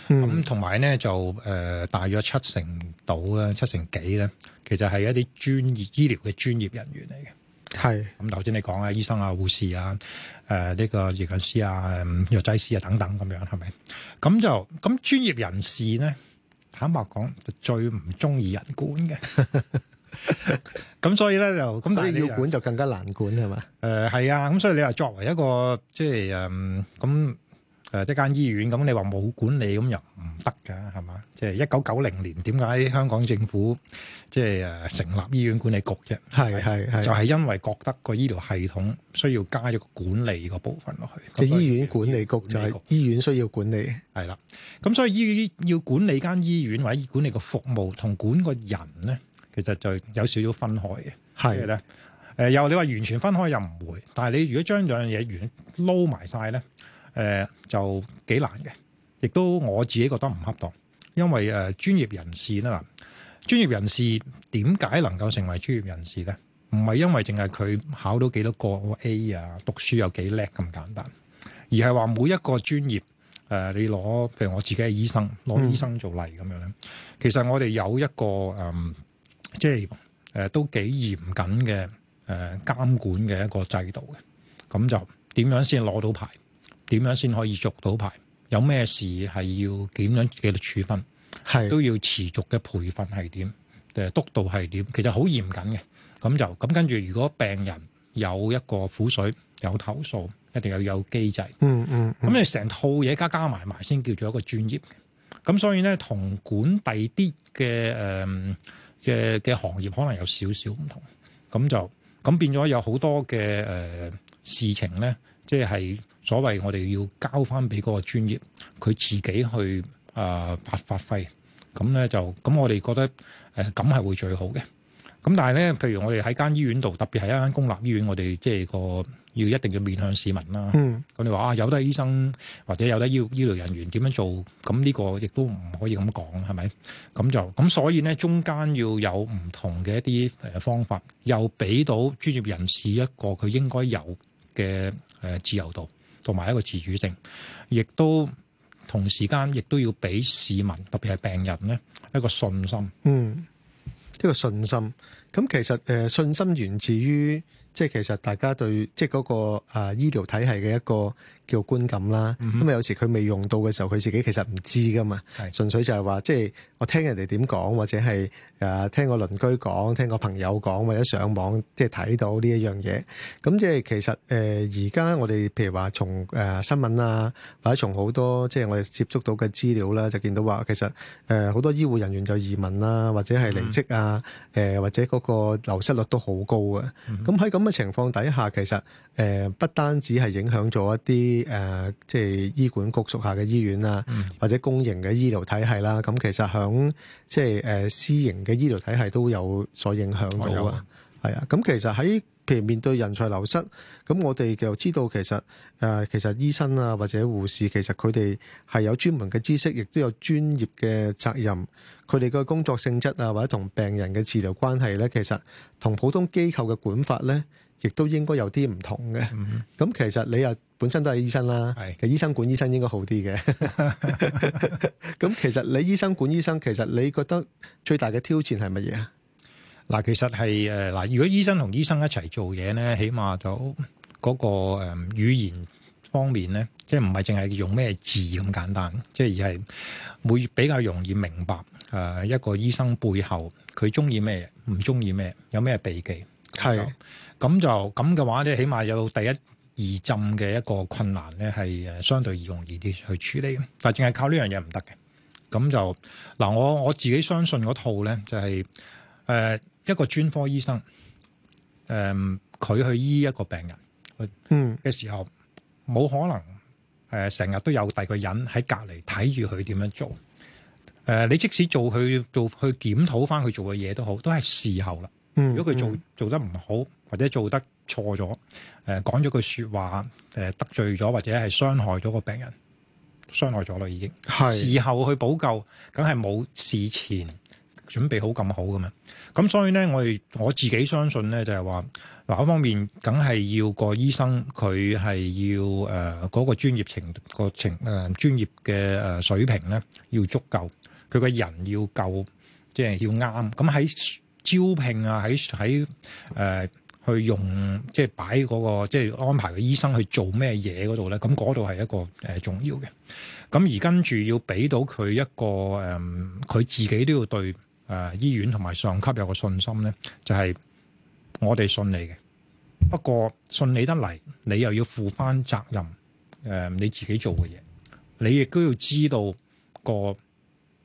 咁。同埋咧就誒、呃、大約七成到啦，七成幾咧，其實係一啲專業醫療嘅專業人員嚟嘅。係咁，頭先是、嗯、你講啊，醫生啊，護士啊，誒、呃，呢、這個藥劑師啊，藥、呃、劑師啊等等咁樣，係咪？咁就咁專業人士咧，坦白講就最唔中意人管嘅。咁 <laughs> <laughs> 所以咧、 <laughs> 嗯、就咁，但係要管就更加難管係嘛？誒、嗯，係吧、呃、啊，咁所以你話作為一個即係誒咁。就是誒，即間醫院咁，你話冇管理咁又唔得㗎，係嘛？即係一九九零年，點解香港政府即係誒成立醫院管理局啫？係係係，就係因為覺得個醫療系統需要加咗個管理個部分落去。即醫院管理局就係醫，醫院需要管理，係啦。咁所以醫院要管理間醫院或者管理個服務同管個人咧，其實就有少少分開嘅。係咧，誒的，又你話完全分開又唔會，但係你如果將兩樣嘢完撈埋晒咧。誒、呃、就幾難嘅，亦都我自己覺得唔恰當，因為誒專、呃、業人士啦，專業人士點解能夠成為專業人士咧？唔係因為淨係佢考到幾多個 A 啊，讀書有幾叻咁簡單，而係話每一個專業誒、呃，你攞譬如我自己係醫生，攞醫生做例咁、嗯、樣咧，其實我哋有一個誒、呃，即係誒、呃、都幾嚴謹嘅誒監管嘅一個制度嘅，咁就點樣先攞到牌？點樣先可以續到牌？有咩事係要點樣嘅處分？係是都要持續嘅培訓係點？誒督導係點？其實好嚴謹嘅。咁就咁跟住，如果病人有一個苦水、有投訴，一定要有機制。嗯嗯。咁你成套嘢加加埋埋，先叫做一個專業。咁所以咧，同管第啲嘅誒嘅嘅行業可能有少少唔同。咁就咁變咗有好多嘅誒、呃、事情咧，即係。所謂我哋要交翻俾嗰個專業，佢自己去啊、呃、發發揮咁咧，就咁我哋覺得誒咁係會最好嘅。咁但係咧，譬如我哋喺間醫院度，特別係一間公立醫院，我哋即係個要一定要面向市民啦。咁、嗯、你話啊，有得醫生或者有得醫醫療人員點樣做？咁呢個亦都唔可以咁講，係咪？咁就咁，所以咧，中間要有唔同嘅一啲呃、方法，又俾到專業人士一個佢應該有嘅、呃、自由度。同埋一個自主性，亦都同時間，亦都要俾市民特別係病人咧一個信心。嗯，一個信心。咁、嗯呢個、其實誒信心源自於即係其實大家對即係嗰個誒醫療體系嘅一個叫觀感啦，咁啊、嗯、哼有時佢未用到嘅時候，佢自己其實唔知噶嘛，純是粹就係話即係我聽人哋點講，或者係誒聽個鄰居講，聽個朋友講，或者上網即係睇到呢一樣嘢。咁即係其實誒而家我哋譬如話從誒新聞啊，或者從好多即係、就是、我哋接觸到嘅資料啦、啊，就見到話其實誒好、呃、多醫護人員就移民啦，或者係離職啊，或者嗰、啊嗯哼呃、個流失率都好高嘅。咁喺咁嘅情況底下，其實誒、呃、不單止係影響咗一啲。啲誒，即係醫管局屬下嘅醫院啊，或者公營嘅醫療體系啦，咁其實響即係誒私營嘅醫療體系都有所影響到啊。係啊，咁其實喺譬如面對人才流失，咁我哋就知道其實誒，其實醫生啊或者護士，其實佢哋係有專門嘅知識，亦都有專業嘅責任。佢哋嘅工作性質啊，或者同病人嘅治療關係咧，其實同普通機構嘅管法咧，亦都應該有啲唔同嘅。咁其實你又本身都係醫生啦，係醫生管醫生應該好啲嘅。咁 <laughs> <laughs> 其實你醫生管醫生，其實你覺得最大嘅挑戰係乜嘢啊？嗱，其實係誒，嗱，如果醫生同醫生一齊做嘢咧，起碼就嗰個誒語言方面咧，即係唔係淨係用咩字咁簡單，即係而係會比較容易明白誒一個醫生背後佢中意咩，唔中意咩，有咩秘技係咁就咁嘅話咧，起碼有第一。易浸嘅一個困難咧，係誒相對易容易啲去處理嘅，但係淨係靠呢樣嘢唔得嘅。咁就嗱，我我自己相信嗰套咧、就是，就係誒一個專科醫生，誒、呃、佢去醫一個病人，嘅時候，冇、嗯、可能誒成日都有第二個人喺隔離睇住佢點樣做。誒、呃、你即使做佢做去檢討翻佢做嘅嘢都好，都係事後啦。嗯、嗯如果佢做做得唔好或者做得，錯咗，誒講咗句說話，誒得罪咗或者係傷害咗個病人，傷害咗啦已經。事後去補救，梗係冇事前準備好咁好噶嘛。咁所以咧，我哋我自己相信咧，就係話嗱，一方面梗係要個醫生佢係要誒嗰個專業程個程誒專業嘅誒水平咧要足夠，佢個人要夠即係要啱。咁喺招聘啊，喺喺誒。去用即係擺嗰個即係安排個醫生去做咩嘢嗰度咧？咁嗰度係一個誒、呃、重要嘅。咁而跟住要俾到佢一個誒，佢、呃、自己都要對誒、呃、醫院同埋上級有個信心咧，就係、是、我哋信你嘅。不過信你得嚟，你又要負翻責任。誒、呃，你自己做嘅嘢，你亦都要知道、那個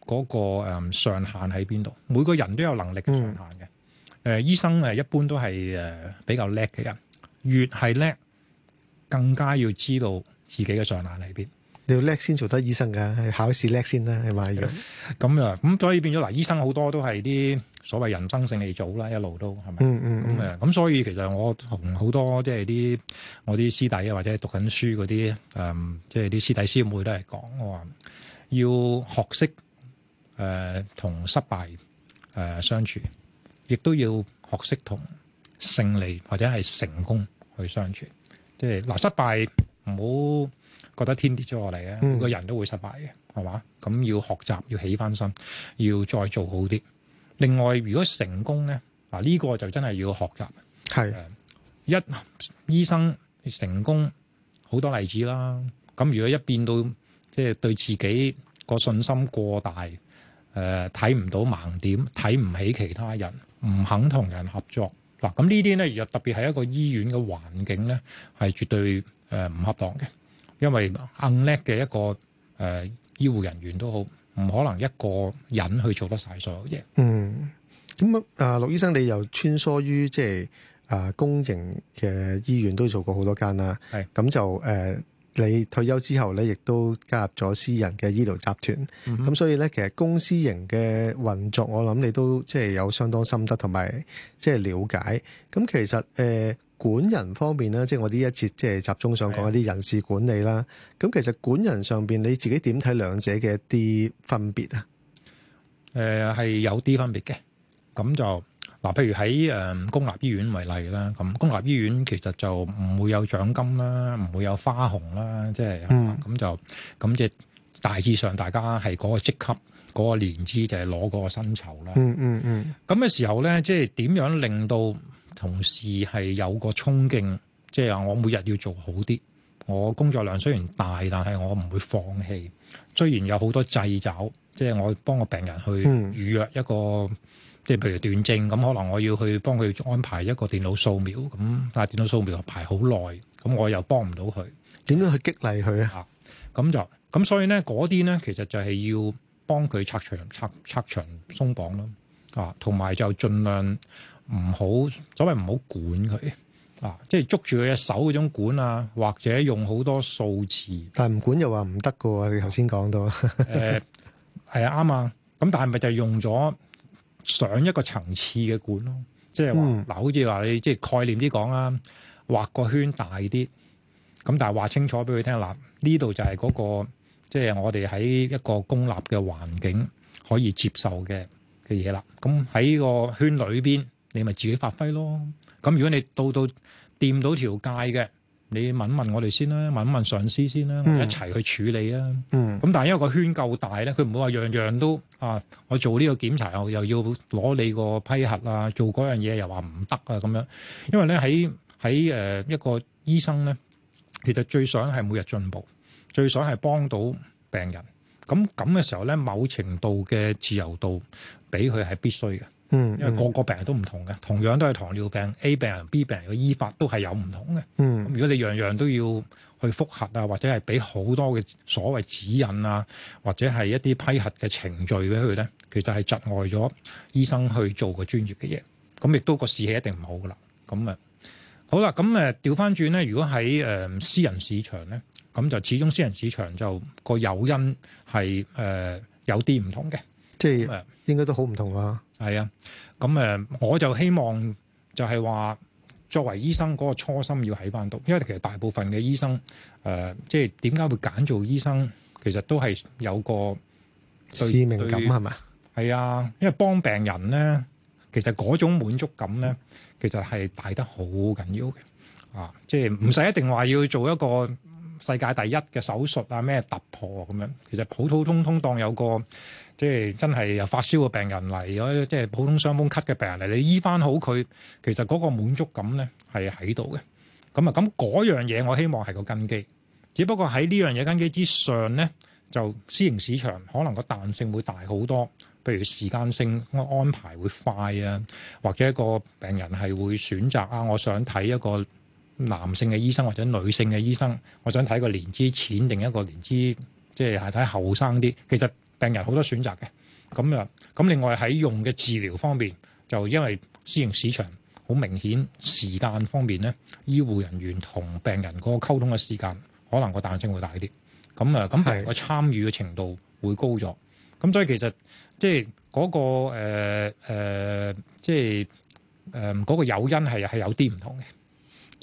嗰、那個誒、呃、上限喺邊度。每個人都有能力嘅上限嘅。嗯誒、呃、醫生誒一般都係誒比較叻嘅人，越係叻，更加要知道自己嘅上限喺邊。你要叻先做得醫生㗎，考試叻先啦。係咪？咁啊、嗯，咁、嗯嗯嗯、所以變咗嗱，醫生好多都係啲所謂人生勝利組啦，一路都係咪、嗯？嗯嗯，咁啊，咁所以其實我同好多即係啲我啲師弟或者讀緊書嗰啲誒，即係啲師弟師妹都係講，我話要學識誒同、呃、失敗誒、呃、相處。亦都要學識同勝利或者係成功去相處，就是，即係嗱，失敗唔好覺得天跌咗落嚟啊！嗯、個人都會失敗嘅，係嘛？咁要學習，要起翻身，要再做好啲。另外，如果成功咧，嗱、啊、呢、呢個就真係要學習。係是、呃、一醫生成功好多例子啦。咁如果一變到即係、就是、對自己個信心過大，誒睇唔到盲點，睇唔起其他人。唔肯同人合作嗱，咁呢啲咧而就特別係一個醫院嘅環境咧，係絕對誒唔恰當嘅，因為硬叻嘅一個誒、呃、醫護人員都好，唔可能一個人去做得晒所有嘢。嗯，咁啊，啊、呃，陸醫生，你又穿梭於即係啊、呃、公營嘅醫院都做過好多間啦，係咁的就誒。呃你退休之後咧，亦都加入咗私人嘅醫療集團，咁所以咧，其實公私營嘅運作，我諗你都即係有相當心得同埋即係瞭解。咁其實誒管人方面咧，即係我呢一節即係集中想講一啲人事管理啦。咁其實管人上邊你自己點睇兩者嘅一啲分別啊？誒係有啲分別嘅，咁就。嗱，譬如喺誒公立醫院為例啦，咁公立醫院其實就唔會有獎金啦，唔會有花紅啦，即係咁就咁即係大致上，大家係嗰個職級、嗰個年資就係攞嗰個薪酬啦，嗯。嗯嗯嗯。咁嘅時候咧，即係點樣令到同事係有個衝勁？即係話我每日要做好啲，我工作量雖然大，但係我唔會放棄。雖然有好多掣肘，即係我幫個病人去預約一個，嗯即係譬如斷症咁，可能我要去幫佢安排一個電腦掃描咁，但係電腦掃描排好耐，咁我又幫唔到佢。點樣去激勵佢啊？咁就咁，咁所以咧嗰啲咧，其實就係要幫佢拆牆、拆拆牆、鬆綁咯。啊，同埋就儘量唔好，所謂唔好管佢啊，即係捉住佢隻手嗰種管啊，或者用好多數字。但係唔管又話唔得嘅喎，你頭先講到誒係啱啊。咁、啊啊、但係咪就用咗？上一個層次嘅管咯，即係話嗱，好似話你即係概念啲講啦，畫個圈大啲，咁但係畫清楚俾佢聽啦。呢度就係嗰個，即係我哋喺一個公立嘅環境可以接受嘅嘅嘢啦。咁喺個圈裏邊，你咪自己發揮咯。咁如果你到到掂到條界嘅。你問一問我哋先啦，問一問上司先啦，一齊去處理啊。咁但係因為個圈夠大咧，佢唔會話樣樣都啊，我做呢個檢查又又要攞你個批核啊，做嗰樣嘢又話唔得啊咁樣。因為咧喺喺誒一個醫生咧，其實最想係每日進步，最想係幫到病人。咁咁嘅時候咧，某程度嘅自由度俾佢係必須嘅。嗯，因為個個病人都唔同嘅，同樣都係糖尿病 A 病人 B 病人嘅醫法都係有唔同嘅。嗯，如果你樣樣都要去複核啊，或者係俾好多嘅所謂指引啊，或者係一啲批核嘅程序俾佢咧，其實係窒礙咗醫生去做個專業嘅嘢。咁亦都個士氣一定唔好噶啦。咁啊，好啦，咁誒調翻轉咧，如果喺誒、呃、私人市場咧，咁就始終私人市場就個誘因係誒、呃、有啲唔同嘅。即係，應該都好唔同，嗯、是啊！係啊，咁誒，我就希望就係話，作為醫生嗰個初心要喺翻度，因為其實大部分嘅醫生誒、呃，即係點解會揀做醫生，其實都係有個使命感係嘛？係啊，是嗎？因為幫病人咧，其實嗰種滿足感咧，其實係大得好緊要嘅啊！即係唔使一定話要做一個。世界第一嘅手術啊，咩突破咁樣？其實普普通通當有個即係真係有發燒嘅病人嚟，或即係普通傷風咳嘅病人嚟，你醫翻好佢，其實嗰個滿足感咧係喺度嘅。咁啊，咁嗰樣嘢我希望係個根基。只不過喺呢樣嘢根基之上咧，就私營市場可能個彈性會大好多。譬如時間性安排會快啊，或者個病人係會選擇啊，我想睇一個，男性嘅醫生或者女性嘅醫生，我想睇個年資淺定一個年資，即係睇後生啲。其實病人好多選擇嘅，咁啊，咁另外喺用嘅治療方面，就因為私營市場好明顯，時間方面咧，醫護人員同病人嗰個溝通嘅時間可能個彈性會大啲，咁啊，咁係個參與嘅程度會高咗。咁是的 所以其實即係嗰、嗰個誒、呃呃、即係誒嗰個誘因係係有啲唔同嘅。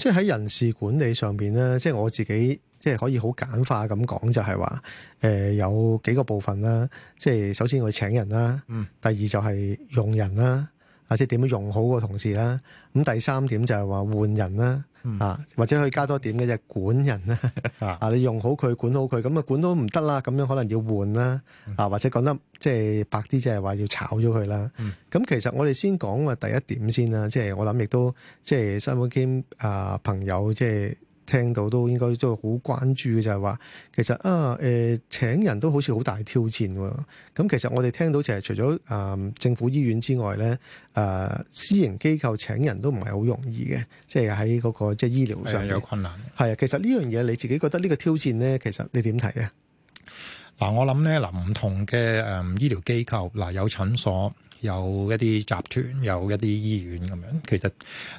即係喺人事管理上邊咧，即係我自己，即係可以好簡化咁講，就係話，誒，有幾個部分啦，即係首先我要請人啦，嗯，第二就係用人啦，或者點樣用好個同事啦，咁第三點就係話換人啦。啊，嗯、或者可以加多點嘅就管人啦，啊、嗯，你用好佢，管好佢，咁啊管到唔得啦，咁樣可能要換啦，啊，或者講得即係白啲，即係話要炒咗佢啦。咁、嗯、其實我哋先講啊第一點先啦、呃，即係我諗亦都即係新保經啊朋友即係。聽到都應該都好關注嘅，就係話其實啊，誒、呃、請人都好似好大挑戰喎。咁其實我哋聽到就係除咗誒、呃、政府醫院之外咧，誒、呃、私營機構請人都唔係好容易嘅，即係喺嗰個即係醫療上係有困難的。係啊，其實呢樣嘢你自己覺得呢個挑戰咧，其實你點睇啊？嗱、呃，我諗咧嗱，唔、呃、同嘅誒、呃、醫療機構嗱、呃，有診所。有一啲集團，有一啲醫院咁樣，其實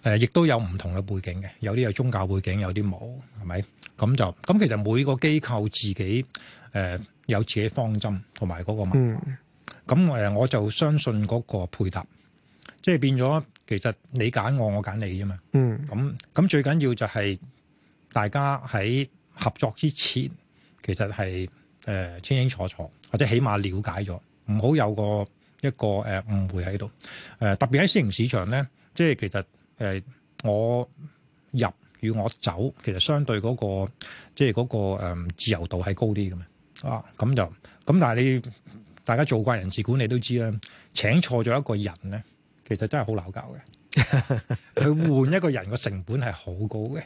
誒亦、呃、都有唔同嘅背景嘅，有啲有宗教背景，有啲冇，係咪？咁就咁，其實每個機構自己誒、呃、有自己嘅方針同埋嗰個問，咁誒、嗯、我就相信嗰個配搭，即係變咗其實你揀我，我揀你啫嘛。嗯。咁咁最緊要就係大家喺合作之前，其實係誒、呃、清清楚楚，或者起碼了解咗，唔好有個。一個誒誤會喺度，誒特別喺私營市場咧，即係其實誒我入與我走，其實相對嗰個即係嗰個誒自由度係高啲嘅嘛。啊，咁就咁，但係你大家做慣人事管理都知啦，請錯咗一個人咧，其實真係好鬧交嘅。去換一個人個成本係好高嘅，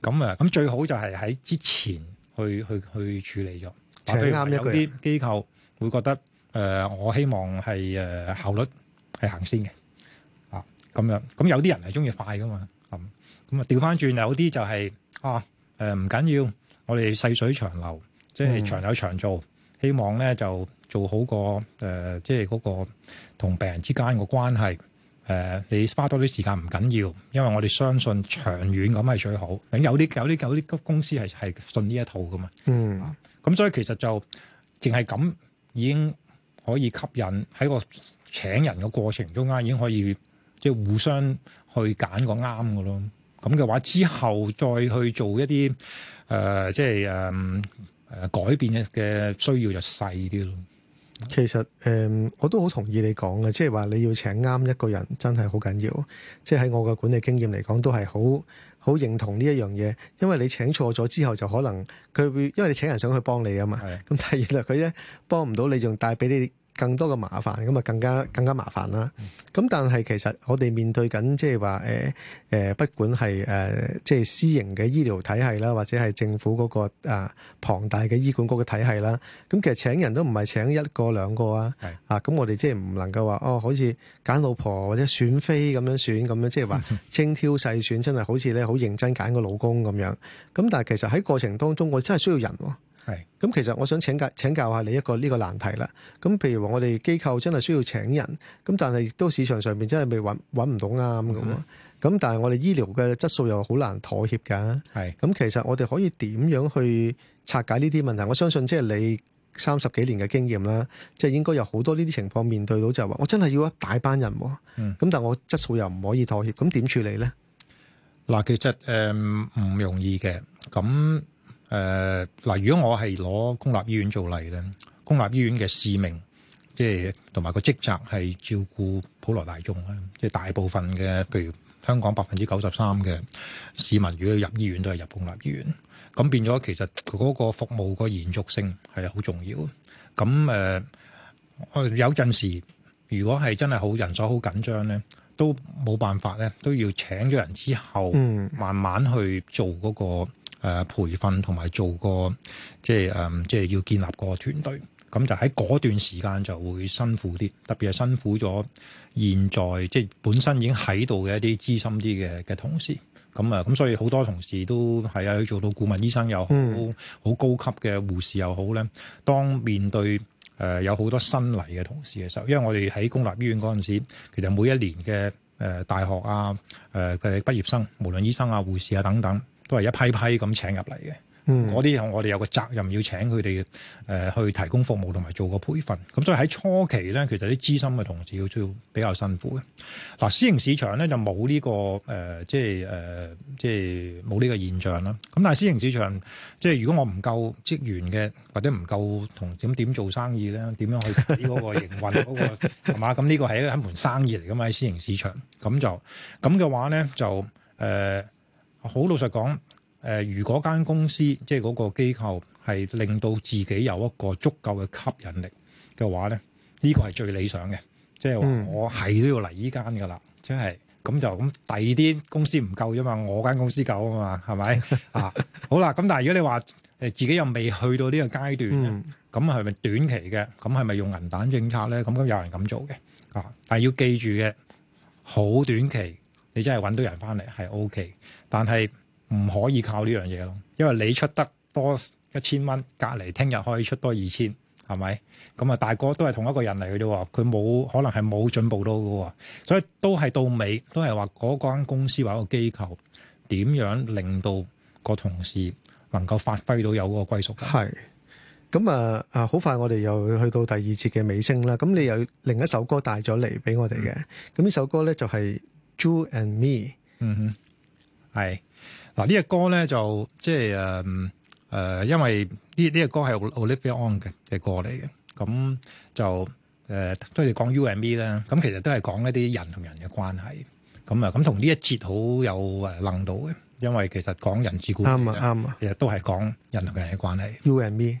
咁啊，咁最好就係喺之前去去去處理咗。請啱一句，有啲機構會覺得。誒，我希望係誒效率係行先嘅，啊，咁樣咁有啲人係中意快噶嘛，咁咁啊掉返轉有啲就係啊，誒唔緊要，我哋細水長流，即係長有長做，希望呢就做好個誒，即係嗰個同病人之間嘅關係，誒，你花多啲時間唔緊要，因為我哋相信長遠咁係最好。咁有啲有啲有啲公司係係信呢一套噶嘛，嗯，咁所以其實就淨係咁已經。可以吸引喺個請人嘅過程中間已經可以即係、就是、互相去揀個啱嘅咯，咁嘅話之後再去做一啲誒、呃、即係誒誒改變嘅嘅需要就細啲咯。其實誒、呃、我都好同意你講嘅，即係話你要請啱一個人真係好緊要。即係喺我嘅管理經驗嚟講，都係好。好認同呢一樣嘢，因為你請錯咗之後就可能佢會，因為你請人想去幫你啊嘛，咁是的 但係原來佢咧幫唔到你，仲帶俾你，更多嘅麻煩，咁啊更加更加麻煩啦。咁但係其實我哋面對緊即係話誒誒，不管係誒即係私營嘅醫療體系啦，或者係政府嗰、那個啊龐、呃、大嘅醫管局嘅體系啦。咁其實請人都唔係請一個兩個啊。是啊，咁我哋即係唔能夠話哦，好似揀老婆或者選妃咁樣選，咁樣即係話精挑細選，真係好似咧好認真揀個老公咁樣。咁但係其實喺過程當中，我真係需要人、啊。係咁，是其實我想請教請教下你一個呢個難題啦。咁譬如話，我哋機構真係需要請人，咁但係亦都市場上面真係未揾揾唔到啱噶。咁、嗯、但係我哋醫療嘅質素又好難妥協噶。係咁是，其實我哋可以點樣去拆解呢啲問題？我相信即係你三十幾年嘅經驗啦，即係應該有好多呢啲情況面對到就係話，我真係要一大班人、啊。咁、嗯、但係我質素又唔可以妥協，咁點處理咧？嗱、嗯，其實誒唔、嗯、容易嘅咁。誒嗱、呃，如果我係攞公立醫院做例咧，公立醫院嘅使命即係同埋個職責係照顧普羅大眾啊，即係大部分嘅，譬如香港百分之九十三嘅市民，如果入醫院都係入公立醫院，咁變咗其實嗰個服務個延續性係好重要。咁誒、呃，有陣時如果係真係好人手好緊張咧，都冇辦法咧，都要請咗人之後，嗯、慢慢去做嗰、那個。誒培訓同埋做個即係誒，即係要建立個團隊咁，就喺嗰段時間就會辛苦啲，特別係辛苦咗現在即係本身已經喺度嘅一啲資深啲嘅嘅同事咁啊。咁所以好多同事都係啊，做到顧問醫生又好，好、嗯、高級嘅護士又好咧。當面對誒有好多新嚟嘅同事嘅時候，因為我哋喺公立醫院嗰陣時，其實每一年嘅大學啊、誒、呃、嘅畢業生，無論醫生啊、護士啊等等。都係一批批咁請入嚟嘅，嗰啲、嗯、我哋有個責任要請佢哋、呃、去提供服務同埋做個培訓。咁所以喺初期咧，其實啲資深嘅同事要做比較辛苦嘅。嗱、呃，私營市場咧就冇呢、呢個、呃、即係、呃、即係冇呢個現象啦。咁但係私營市場，即係如果我唔夠職員嘅，或者唔夠同點點做生意咧，點樣去睇嗰個營運嗰、 <laughs> 嗰個係嘛？咁呢個係一門生意嚟噶嘛？喺私營市場咁就咁嘅話咧，就誒。呃好老實講，誒、呃，如果間公司即係嗰個機構係令到自己有一個足夠嘅吸引力嘅話咧，呢、呢個係最理想嘅，即係我係都要嚟呢間噶啦，嗯、即係咁就咁。第二啲公司唔夠啫嘛，我間公司夠啊嘛，係咪 <laughs> 啊？好啦，咁但係如果你話誒自己又未去到呢個階段，咁係咪短期嘅？咁係咪用銀彈政策咧？咁咁有人咁做嘅啊？但係要記住嘅，好短期你真係搵到人翻嚟係 OK。是 OK 但係唔可以靠呢樣嘢咯，因為你出得多一千蚊，隔籬聽日可以出多二千，係咪？咁啊，大哥都係同一個人嚟嘅啫喎，佢冇可能係冇進步到㗎喎，所以都係到尾都係話嗰間公司或者個機構點樣令到個同事能夠發揮到有個歸屬感。係咁啊啊！好快我哋又去到第二節嘅尾聲啦。咁你又另一首歌帶咗嚟俾我哋嘅。咁呢首歌咧就係、是、You and Me。嗯哼。係嗱呢隻歌咧就即係誒誒，因為呢呢隻歌係 Olivia Ong 嘅嘅歌嚟嘅，咁就誒都係講 U and Me 啦。咁其實都係講一啲人同人嘅關係。咁啊咁同呢一節好有誒楞到嘅，因為其實講人之故，啱啊啱啊，其實都係講人同人嘅關係。U and Me。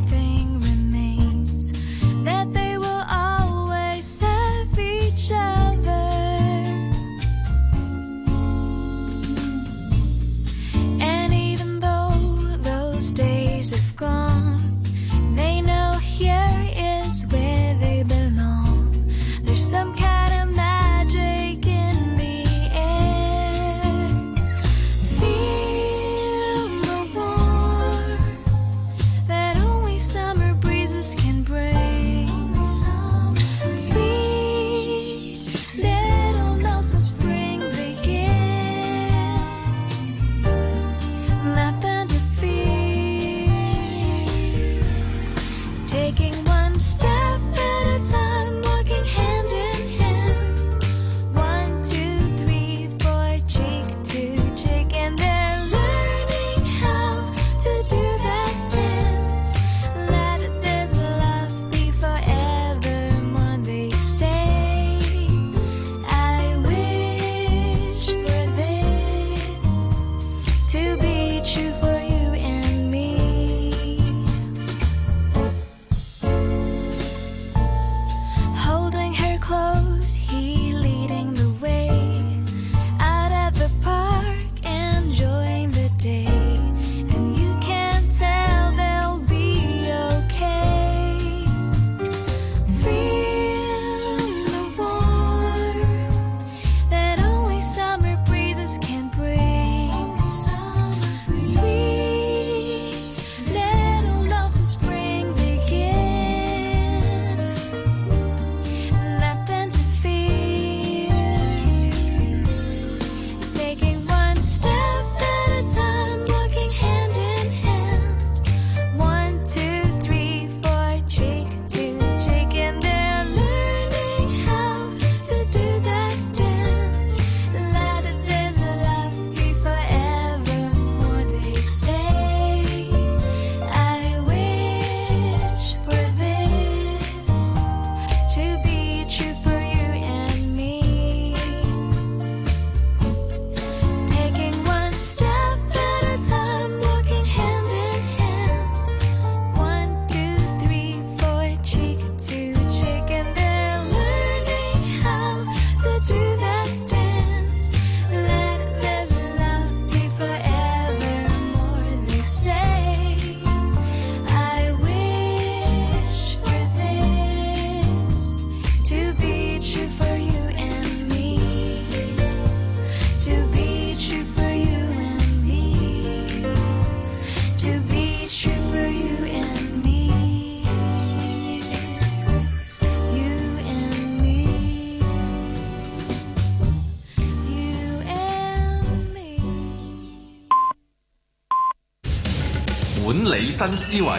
新思維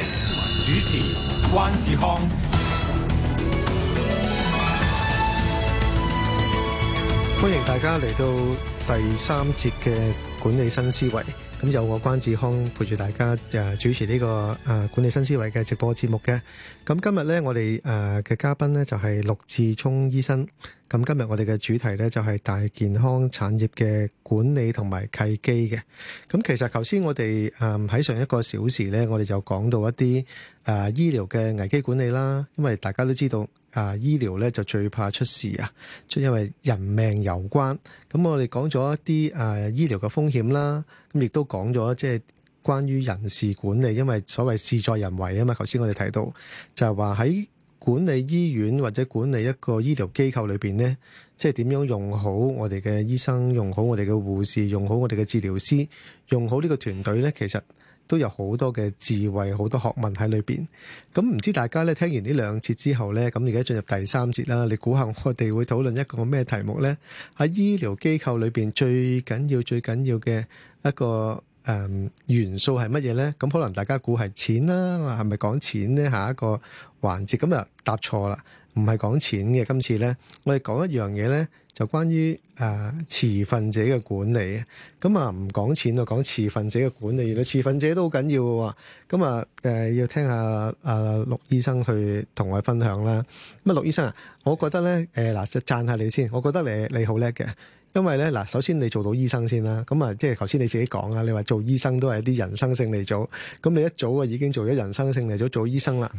主持關志康，歡迎大家嚟到第三節嘅管理新思維。咁有我關智康陪住大家誒，主持呢個誒管理新思維嘅直播節目嘅。咁今日咧我哋誒嘅嘉賓咧就係陸志聰醫生。咁今日我哋嘅主題咧就係大健康產業嘅管理同埋契機嘅。咁其實頭先我哋誒喺上一個小時咧，我哋就講到一啲誒醫療嘅危機管理啦，因為大家都知道。啊，醫療咧就最怕出事啊，因為人命攸關。咁我哋講咗一啲啊醫療嘅風險啦，咁亦都講咗即係關於人事管理，因為所謂事在人為啊嘛。頭先我哋提到就係話喺管理醫院或者管理一個醫療機構裏面呢，即係點樣用好我哋嘅醫生，用好我哋嘅護士，用好我哋嘅治療師，用好呢個團隊呢？其實，都有好多嘅智慧，好多學問喺裏邊。咁唔知大家咧聽完呢兩節之後咧，咁而家進入第三節啦。你估下我哋會討論一個咩題目咧？喺醫療機構裏邊最緊要、最緊要嘅一個誒元素係乜嘢咧？咁可能大家估係錢啦，係咪講錢咧？下一個環節咁啊，答錯啦，唔係講錢嘅。今次咧，我哋講一樣嘢咧。就關於誒、呃、持份者嘅管理咁啊，唔講錢啊，講持份者嘅管理，如果持份者，者都好緊要嘅喎，咁啊誒要聽下誒、呃、陸醫生去同我分享啦。咁、嗯、啊陸醫生啊，我覺得咧誒嗱就讚下你先，我覺得你你好叻嘅，因為咧嗱首先你做到醫生先啦，咁啊即係頭先你自己講啦，你話做醫生都係啲人生勝利組。咁你一早啊已經做咗人生勝利組，做，勝利組做醫生啦。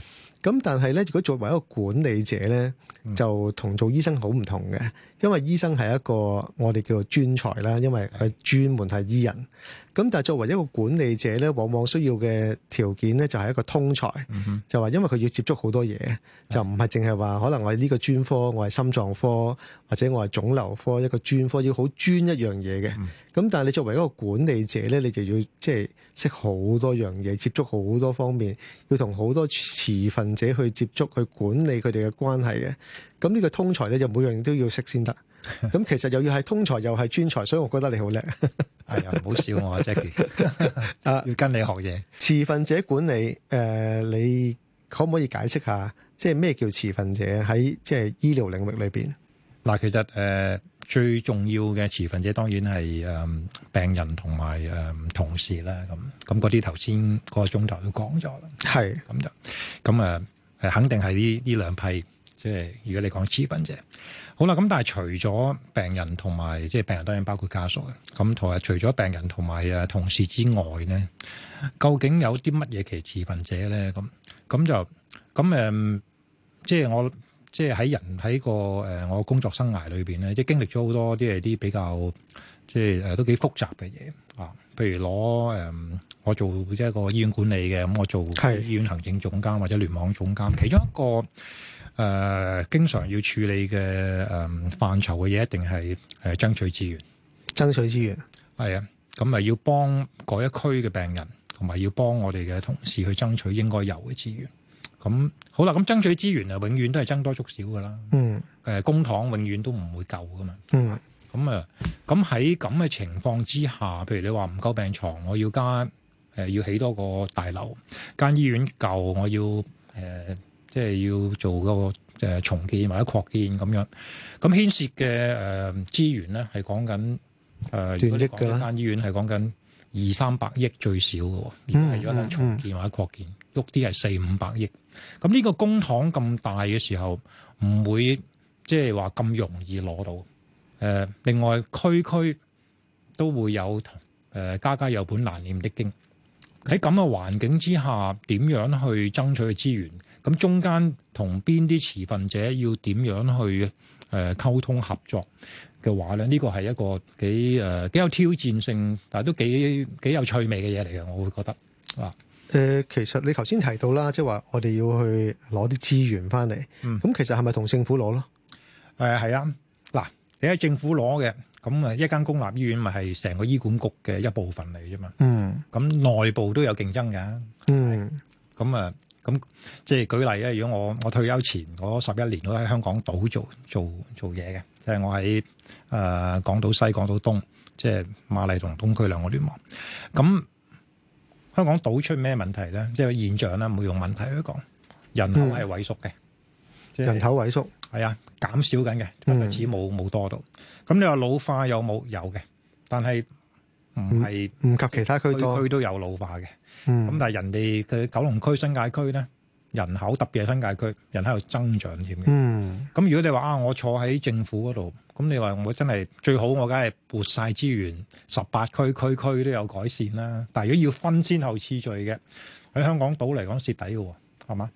咁但係咧，如果作為一個管理者咧，嗯、就同做醫生好唔同嘅，因為醫生係一個我哋叫做專才啦，因為佢專門係醫人。咁但係作為一個管理者咧，往往需要嘅條件咧就係、係、一個通才，嗯、哼就話因為佢要接觸好多嘢，就唔係淨係話可能我係呢個專科，我係心臟科或者我係腫瘤科一個專科，要好專一樣嘢嘅。咁、嗯、但係你作為一個管理者咧，你就要即係。就係識好多樣嘢，接觸好多方面，要同好多持份者去接觸，去管理佢哋嘅關係嘅。咁、這、呢個通才咧，就每樣都要識先得。咁 <laughs> 其實又要係通才，又係專才，所以我覺得你好叻。係 <laughs> 啊、哎，唔好笑我，Jackie。啊， <laughs> 要跟你學嘢。持份者管理，誒、呃，你可唔可以解釋下，即係咩叫持份者喺即係醫療領域裏邊？嗱，其實誒。呃最重要嘅持份者當然係誒、嗯、病人同埋誒同事啦，咁咁嗰啲頭先個鐘頭都講咗啦，係咁是就咁誒，係、呃、肯定係呢呢兩批，即係如果你講持份者，好啦，咁但係除咗病人同埋即係病人當然包括家屬啦，咁同埋除咗病人同埋誒同事之外咧，究竟有啲乜嘢其持份者咧？咁咁就咁誒、嗯，即係我。即係喺人喺個誒、呃，我工作生涯裏邊咧，即係經歷咗好多啲係啲比較即係誒，都幾複雜嘅嘢啊。譬如攞誒、嗯，我做即係個醫院管理嘅，咁我做醫院行政總監或者聯網總監，的其中一個誒、呃，經常要處理嘅誒範疇嘅嘢，嗯、一定係誒爭取資源。爭取資源係啊，咁啊要幫嗰一區嘅病人，同埋要幫我哋嘅同事去爭取應該有嘅資源。咁好啦，咁爭取資源啊，永遠都係僧多粥少噶啦。嗯，誒公帑永遠都唔會夠噶嘛。嗯，咁啊，咁喺咁嘅情況之下，譬如你話唔夠病床，我要加誒、呃、要起多個大樓間醫院夠，我要誒、呃、即係要做個誒重建或者擴建咁樣。咁牽涉嘅誒、呃、資源咧，係講緊誒億嘅啦。呢間、呃、醫院係講緊二三百億最少嘅喎，如果係要重建或者擴建。嗯嗯喐啲係四五百億，咁呢個公帑咁大嘅時候，唔會即係話咁容易攞到。呃，另外區區都會有誒、呃，家家有本難念的經。喺咁嘅環境之下，點樣去爭取資源？咁中間同邊啲持份者要點樣去誒、呃，溝通合作嘅話咧？呢、呢個係一個幾、呃、幾有挑戰性，但都幾、幾有趣味嘅嘢嚟嘅，我會覺得啊。誒，其實你頭先提到啦，即係話我哋要去攞啲資源翻嚟，咁其實係咪同政府攞咯？誒，係啊，嗱，你喺政府攞嘅，咁啊，一間公立醫院咪係成個醫管局嘅一部分嚟啫嘛。嗯，咁內部都有競爭噶。嗯，咁啊，咁即係舉例咧，如果我我退休前嗰十一年我都喺香港島做做做嘢嘅，就係我喺誒港島西、港島東，即係瑪麗同東區兩個聯網，咁。香港倒出咩問題咧？即係現象啦，唔好用問題去講。人口係萎縮嘅，嗯，人口萎縮係啊，減少緊嘅，開始冇冇多到。咁你話老化有冇？有嘅，但係唔係唔及其他區多，區都有老化嘅。咁、嗯、但係人哋嘅九龍區、新界區咧。人口特別係新界區，人口喺度增長添嘅。咁、嗯、如果你話啊，我坐喺政府嗰度，咁你話我真係最好，我梗係撥晒資源，十八區區區都有改善啦。但係如果要分先後次序嘅，喺香港島嚟講蝕底嘅喎，係嘛？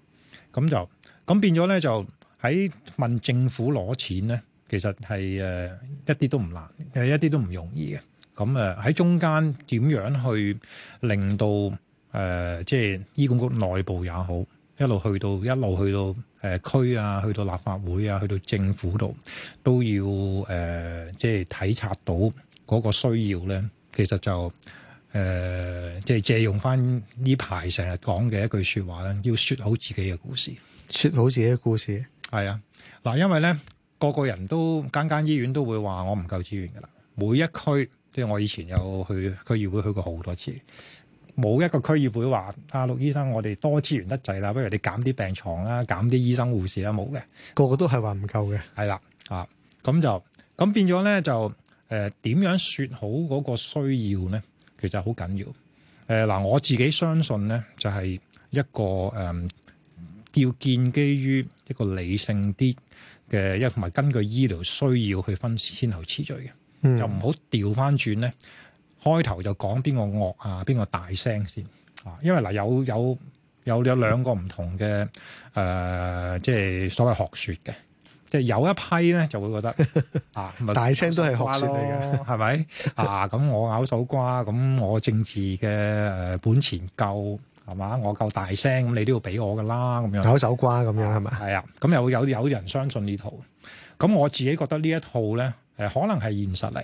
咁就咁變咗咧，就喺問政府攞錢咧，其實係誒、呃、一啲都唔難，係一啲都唔容易嘅。咁誒喺中間點樣去令到誒、呃、即係醫管局內部也好？一路去到，一路去到誒、呃、區啊，去到立法會啊，去到政府度都要、呃、即係體察到嗰個需要咧。其實就、呃、即係借用翻呢排成日講嘅一句說話咧，要説好自己嘅故事。説好自己嘅故事，係啊。嗱，因為咧，個個人都，間間醫院都會話我唔夠資源㗎啦。每一區，即係我以前有去區議會去過好多次。冇一個區議會話啊，陸醫生，我哋多資源得滯啦，不如你減啲病床啦，減啲醫生護士啦，冇嘅，個個都係話唔夠嘅。係啦，啊，咁就咁變咗咧，就誒點樣説好嗰個需要咧？其實好緊要。誒、呃、嗱，我自己相信咧，就係、是、一個誒、呃、要建基於一個理性啲嘅一，同埋根據醫療需要去分先後次序嘅，嗯、就唔好調翻轉咧。開頭就講邊個惡啊？邊個大聲先啊？因為嗱，有有有有兩個唔同嘅誒、呃，即係所謂學説嘅，即係有一批咧就會覺得 <laughs> 啊， <laughs> 大聲都係學説嚟嘅，係咪啊？咁、 <laughs> 啊、我咬手瓜，咁我政治嘅誒、呃、本錢夠係嘛？我夠大聲，咁你都要俾我噶啦，咁樣咬手瓜咁樣係咪？係啊，咁又、啊、有有人相信呢套，咁我自己覺得呢一套咧，誒、呃、可能係現實嚟，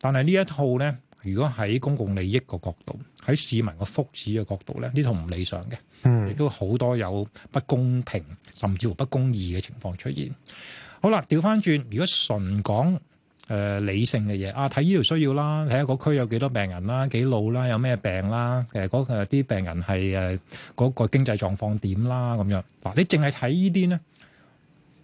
但係呢一套咧。如果喺公共利益嘅角度，喺市民嘅福祉嘅角度咧，呢套唔理想嘅，亦都好多有不公平甚至乎不公義嘅情況出現。好啦，調翻轉，如果純講誒、呃、理性嘅嘢，啊，睇醫療需要啦，睇下個區有幾多病人啦，幾老啦，有咩病啦，誒，嗰啲病人係誒嗰個經濟狀況點啦，咁樣嗱、啊，你淨係睇呢啲咧，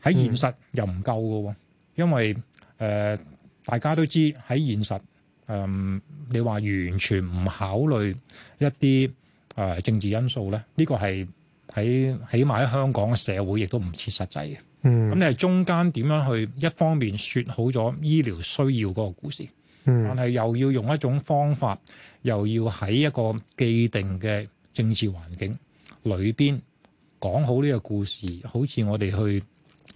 喺現實又唔夠嘅，嗯、因為誒、呃、大家都知喺現實。嗯，你話完全唔考慮一啲誒、呃、政治因素咧？呢、這個係喺起碼喺香港嘅社會也不，亦都唔切實際嘅。嗯，咁你係中間點樣去一方面説好咗醫療需要嗰個故事，嗯，但係又要用一種方法，又要喺一個既定嘅政治環境裏邊講好呢個故事，好似我哋去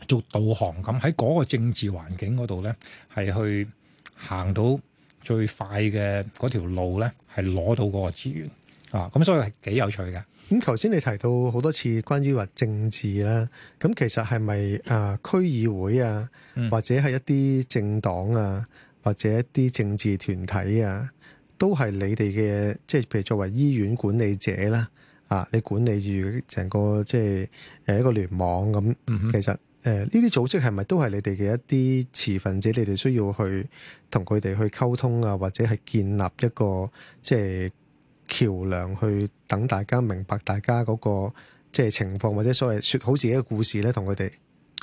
做導航咁，喺嗰個政治環境嗰度咧，係去行到。最快嘅嗰條路咧，係攞到嗰個資源啊！咁所以係幾有趣㗎。咁頭先你提到好多次關於話政治啦，咁其實係咪誒區議會啊，或者係一啲政黨啊，或者一啲政治團體啊，都係你哋嘅，即係譬如作為醫院管理者啦，啊，你管理住成個即係誒一個聯網咁，嗯、哼其實。誒呢啲組織係咪都係你哋嘅一啲持份者？你哋需要去同佢哋去溝通啊，或者係建立一個即係橋梁，去等大家明白大家嗰、那個即係情況，或者所謂説好自己嘅故事咧，同佢哋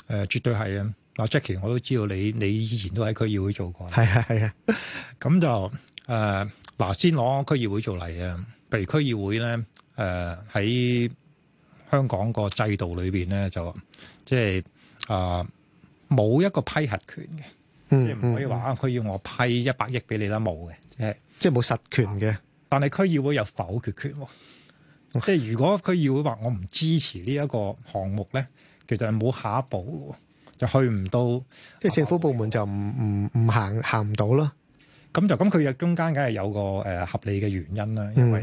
誒，絕對係啊！Jackie 我都知道你你以前都喺區議會做過，係啊係啊，咁、啊、 <laughs> 就誒嗱、呃，先攞區議會做例啊，譬如區議會咧，喺、呃、香港個制度裏面咧，就即係。啊，冇一個批核權嘅，即唔、嗯、可以話，佢要我批一百億俾你啦，冇嘅，即即係冇實權嘅、啊。但係區議會有否決權喎，唉即係如果區議會話我唔支持項呢一個項目咧，其實係冇下一步嘅，就去唔到，即係政府部門就唔唔唔行行唔到咯。咁就咁，佢又中間梗係有個誒、呃、合理嘅原因啦，因為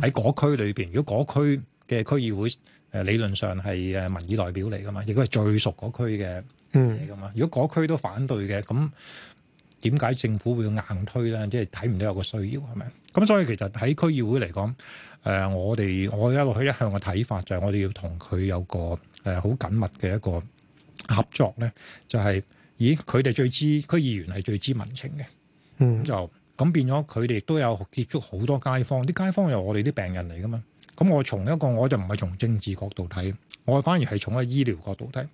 喺嗰區裏邊，如果嗰區嘅區議會。誒理論上係誒民意代表嚟噶嘛，亦都係最熟嗰區嘅嘢噶嘛。嗯、如果嗰區都反對嘅，咁點解政府會硬推咧？即係睇唔到有個需要係咪？咁所以其實喺區議會嚟講，誒、呃、我哋我一路去一向嘅睇法就係，我哋要同佢有個誒好、呃、緊密嘅一個合作咧。就係、係，咦？佢哋最知區議員係最知民情嘅，嗯，噉就咁變咗佢哋都有接觸好多街坊，啲街坊又我哋啲病人嚟噶嘛。咁我從一個我就唔係從政治角度睇，我反而係從一個醫療角度睇。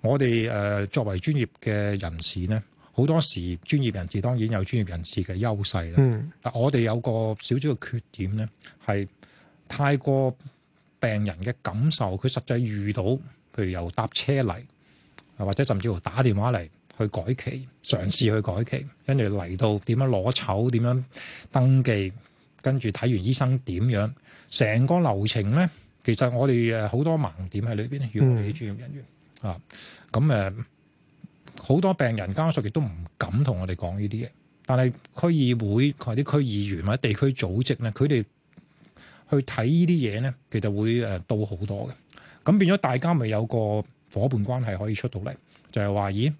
我哋誒、呃、作為專業嘅人士咧，好多時專業人士當然有專業人士嘅優勢啦。嗱、嗯，但我哋有個少少嘅缺點咧，係太過病人嘅感受，佢實際遇到，譬如由搭車嚟，或者甚至乎打電話嚟去改期，嘗試去改期，跟住嚟到點樣攞籌，點樣登記。跟住睇完醫生點樣，成個流程咧，其實我哋誒好多盲點喺裏邊。如果你專業人員、嗯、啊，咁誒好多病人家屬亦都唔敢同我哋講呢啲嘢。但係區議會或啲區議員或者地區組織咧，佢哋去睇呢啲嘢咧，其實會誒到好多嘅。咁變咗大家咪有個夥伴關係可以出到嚟，就係、是、話咦，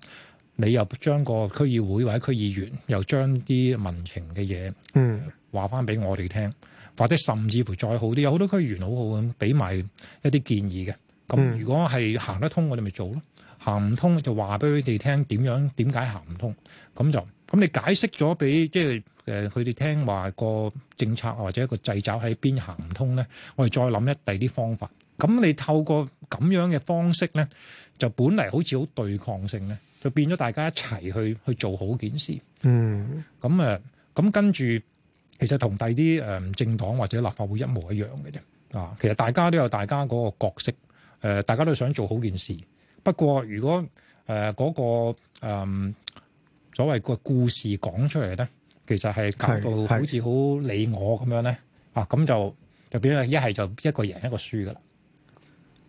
你又將個區議會或者區議員又將啲民情嘅嘢嗯。話翻俾我哋聽，或者甚至乎再好啲，有好多區議員好好咁俾埋一啲建議嘅。咁如果係行得通，我哋咪做咯；行唔通，通，就話俾佢哋聽點樣、點解行唔通。咁就咁，你解釋咗俾即係誒佢哋聽話個政策或者一個掣肘喺邊行唔通咧，我哋再諗一第啲方法。咁你透過咁樣嘅方式咧，就本嚟好似好對抗性咧，就變咗大家一齊去去做好件事。嗯，咁誒，咁跟住。其實同第啲誒政黨或者立法會一模一樣嘅啫，啊！其實大家都有大家嗰個角色，誒、呃、大家都想做好件事。不過如果誒嗰、呃那個、呃、所謂個故事講出嚟咧，其實係搞到好似好你我咁樣咧，啊咁就就變咗一係就一個贏一個輸噶啦。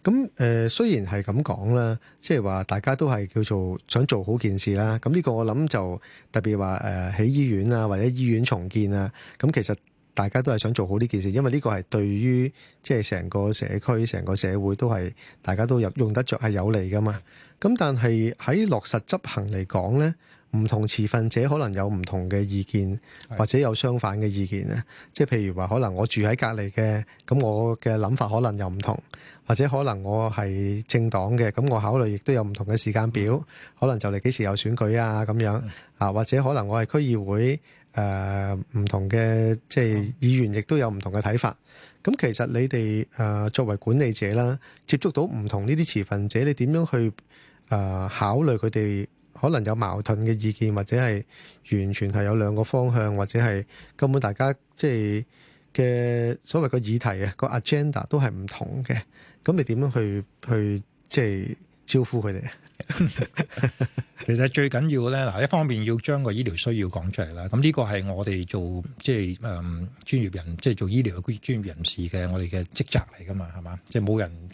咁誒，雖然係咁講啦，即係話大家都係叫做想做好件事啦。咁呢個我諗就特別話誒，喺醫院啊，或者醫院重建啊，咁其實大家都係想做好呢件事，因為呢個係對於即係成個社區、成個社會都係大家都有用得著係有利噶嘛。咁但係喺落實執行嚟講呢，唔同持份者可能有唔同嘅意見，或者有相反嘅意見咧。即係譬如話，可能我住喺隔離嘅，咁我嘅諗法可能又唔同。或者可能我係政黨嘅，咁我考慮亦都有唔同嘅時間表，可能就嚟幾時有選舉啊咁樣啊，或者可能我係區議會誒唔同嘅即係議員，亦都有唔同嘅睇法。咁其實你哋誒作為管理者啦，接觸到唔同呢啲持份者，你點樣去誒考慮佢哋可能有矛盾嘅意見，或者係完全係有兩個方向，或者係根本大家即係嘅所謂個議題啊，個 agenda 都係唔同嘅。咁你點樣去去即係招呼佢哋？其實最緊要咧，嗱，一方面要將個醫療需要講出嚟啦。咁呢個係我哋做即係誒專業人，即係做醫療嘅專業人士嘅，我哋嘅職責嚟噶嘛？係嘛？即係冇人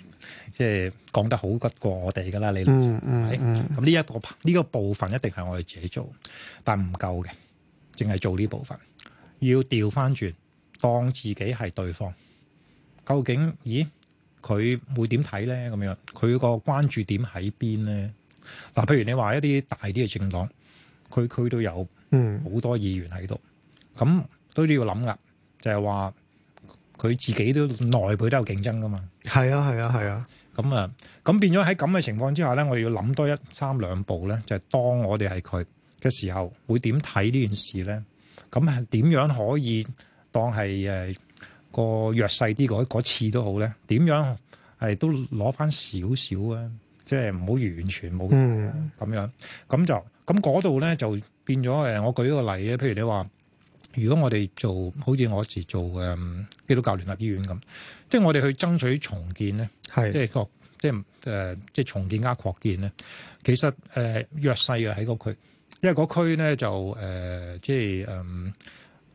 即係講得好得過我哋噶啦，你。嗯嗯嗯。咁呢一個呢個部分一定係我哋自己做，但係唔夠嘅，淨係做呢部分，要調翻轉，當自己係對方。究竟，咦？佢會點睇咧？咁樣，佢個關注點喺邊咧？嗱，譬如你話一啲大啲嘅政黨，區區都有嗯好多議員喺度，咁都、嗯、都要諗噶，就係話佢自己都內部都有競爭噶嘛。係啊，係啊，係啊。咁啊，咁變咗喺咁嘅情況之下咧，我哋要諗多一三兩步咧，就係、是、當我哋係佢嘅時候，會點睇呢件事咧？咁係點樣可以當係誒？呃個弱勢啲嗰次好都好咧，點樣係都攞翻少少啊？即係唔好完全冇咁、嗯、樣，咁就咁嗰度咧就變咗。我舉一個例啊，譬如你話，如果我哋做好似我時做基督教聯合醫院咁，即係我哋去爭取重建咧，是即係擴即係即重建加擴建咧。其實誒、呃、弱勢啊喺嗰區，因為嗰區咧就、呃、即係、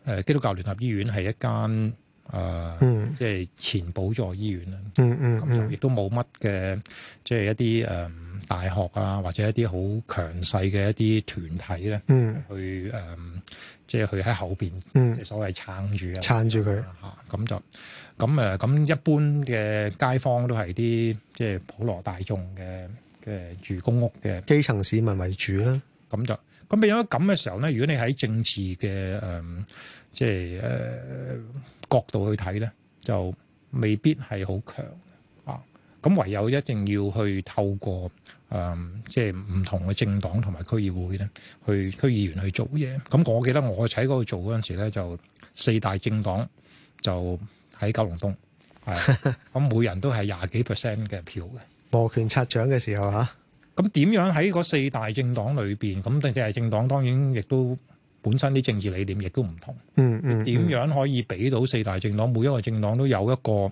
呃、基督教聯合醫院係一間。誒，即係、呃嗯、前補助醫院啦，咁、嗯嗯、就亦都冇乜嘅，即、就、係、是、一啲誒、呃、大學啊，或者一啲好強勢嘅一啲團體咧，嗯、去誒，即係去喺後邊，即係、嗯、所謂撐住啊，撐住佢吓，咁就咁誒，咁一般嘅街坊都係啲即係普羅大眾嘅嘅住公屋嘅基層市民為主啦，咁就咁，變咗咁嘅時候咧，如果你喺政治嘅誒、呃，即係誒。呃角度去睇咧，就未必係好強。啊！咁唯有一定要去透過，誒、嗯，即係唔同嘅政黨同埋區議會咧，去區議員去做嘢。咁、啊、我記得我喺嗰度做嗰陣時咧，就四大政黨就喺九龍東，咁、啊、每人都係廿幾 percent 嘅票嘅。摩拳擦掌嘅時候吓，咁點、啊、樣喺嗰四大政黨裏邊，咁定即係政黨當然亦都。本身啲政治理念亦都唔同，嗯嗯，點樣可以俾到四大政黨每一個政黨都有一個，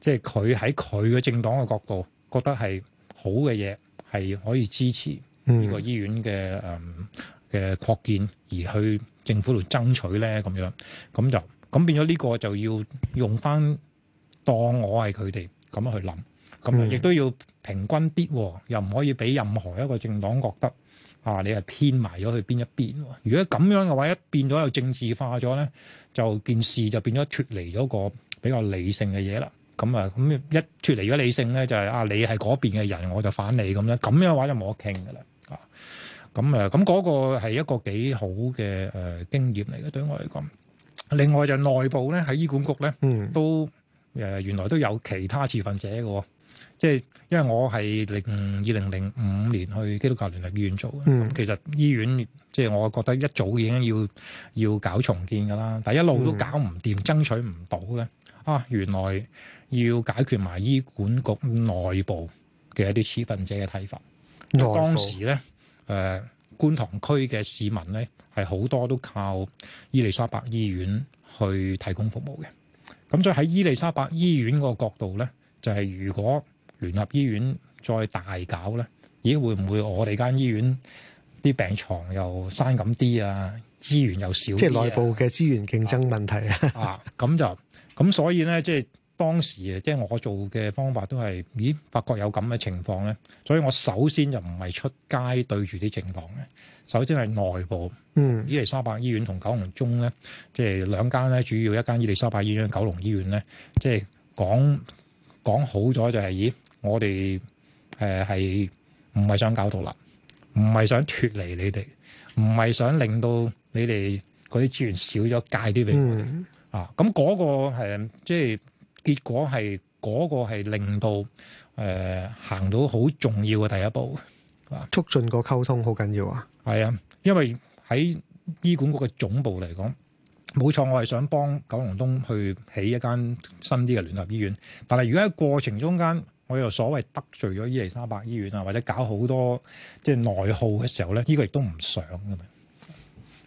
即係佢喺佢嘅政黨嘅角度覺得係好嘅嘢，係可以支持呢個醫院嘅誒嘅擴建，而去政府度爭取咧，咁樣咁就咁變咗呢個就要用翻當我係佢哋咁樣去諗，咁啊亦都要平均啲，又唔可以俾任何一個政黨覺得。啊！你係偏埋咗去邊一邊。如果咁樣嘅話，一變咗又政治化咗咧，就件事就變咗脫離咗個比較理性嘅嘢啦。咁啊，咁一脫離咗理性咧，就係、是、啊，你係嗰邊嘅人，我就反你咁咧。咁樣嘅話就冇得傾噶啦。啊，咁啊，咁、那、嗰個係一個幾好嘅誒、呃、經驗嚟嘅，對我嚟講。另外就內部咧喺醫管局咧，嗯、都誒、呃、原來都有其他持份者嘅喎。即係因為我係零二零零五年去基督教聯合醫院做嘅，嗯、其實醫院即係我覺得一早已經要要搞重建嘅啦，但係一路都搞唔掂，嗯、爭取唔到嘅。啊，原來要解決埋醫管局內部嘅一啲持份者嘅睇法。內部當時咧，誒、呃、觀塘區嘅市民咧係好多都靠伊利沙伯醫院去提供服務嘅。咁再喺伊利沙伯醫院嗰個角度咧，就係、是、如果聯合醫院再大搞咧，咦？會唔會我哋間醫院啲病床又刪咁啲啊？資源又少、啊、即係內部嘅資源競爭問題啊！啊，咁、啊、就咁，所以咧，即係當時即係我做嘅方法都係，咦？發覺有咁嘅情況咧，所以我首先就唔係出街對住啲情況嘅，首先係內部。嗯，伊利沙伯醫院同九龍中咧，即係兩間咧，主要一間伊利沙伯醫院、九龍醫院咧，即係講講好咗就係、是、咦？我哋誒係唔係想搞獨立，唔係想脫離你哋，唔係想令到你哋嗰啲資源少咗，戒啲俾我哋、嗯、啊。咁嗰個係即係結果係嗰、嗰個係令到誒、呃、行到好重要嘅第一步啊，促進個溝通好緊要啊。係啊，因為喺醫管局嘅總部嚟講，冇錯，我係想幫九龍東去起一間新啲嘅聯合醫院，但係如果喺過程中間。我又所謂得罪咗伊麗莎白醫院啊，或者搞好多即係內耗嘅時候咧，呢個亦都唔想咁樣。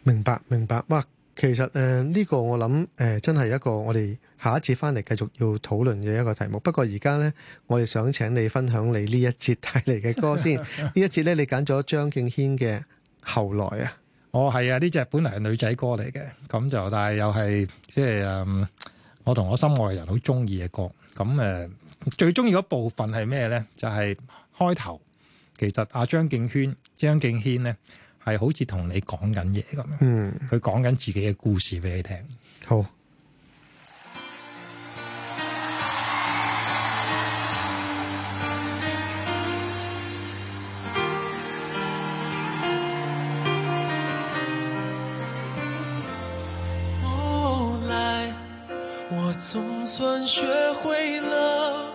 明白，明白。哇，其實誒呢個我諗誒真係一個我哋下一節翻嚟繼續要討論嘅一個題目。不過而家咧，我哋想請你分享你呢一節帶嚟嘅歌先。呢一節咧，你揀咗張敬軒嘅後來啊。哦，係啊，呢隻本嚟係女仔歌嚟嘅，咁就但係又係即係嗯，我同我心愛嘅人好中意嘅歌，咁誒。最中意嗰部分係咩咧？就係、是、開頭，其實阿張敬軒，張敬軒呢係好似同你講緊嘢咁樣，佢講緊自己嘅故事俾你聽。好，後、哦、來我總算學會了。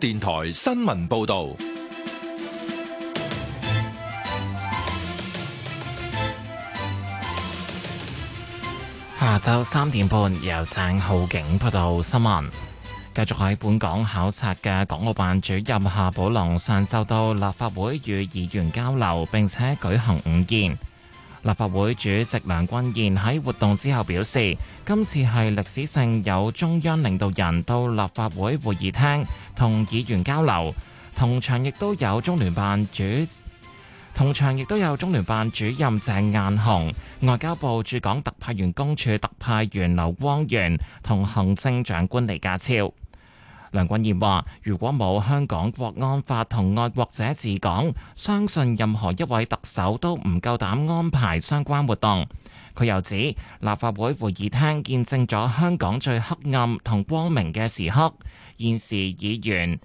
電台新聞報道，下晝三點半由鄭浩景報道新聞。繼續喺本港考察嘅港澳辦主任夏寶龍上晝到立法會與議員交流，並且舉行午宴。立法會主席梁君彥喺活動之後表示，今次係歷史性有中央領導人到立法會會議廳。同議員交流，同場亦都有中聯辦主，同場亦都有中聯辦主任鄭雁雄、外交部駐港特派員公署特派員劉光源，同行政長官李家超。梁君彥話：如果冇香港國安法同愛國者治港，相信任何一位特首都唔夠膽安排相關活動。佢又指，立法會會議廳見證咗香港最黑暗同光明嘅時刻。現時議員、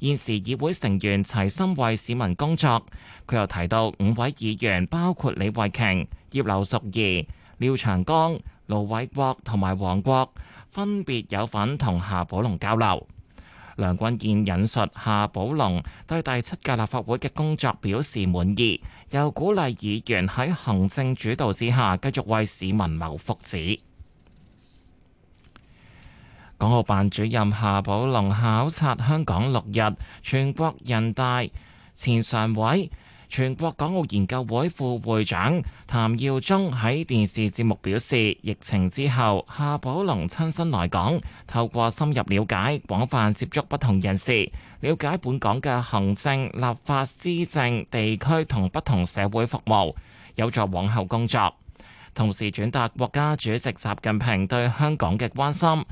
現時議會成員齊心為市民工作。佢又提到五位議員，包括李慧瓊、葉劉淑儀、廖長江、盧偉國同埋黃國，分別有份同夏寶龍交流。梁君彥引述夏寶龍對第七屆立法會嘅工作表示滿意，又鼓勵議員喺行政主導之下，繼續為市民謀福祉。港澳辦主任夏寶龍考察香港六日，全國人大前常委、全國港澳研究會副會長譚耀宗喺電視節目表示：疫情之後，夏寶龍親身來港，透過深入了解、廣泛接觸不同人士，了解本港嘅行政、立法、施政地區同不同社會服務，有助往後工作。同時轉達國家主席習近平對香港嘅關心。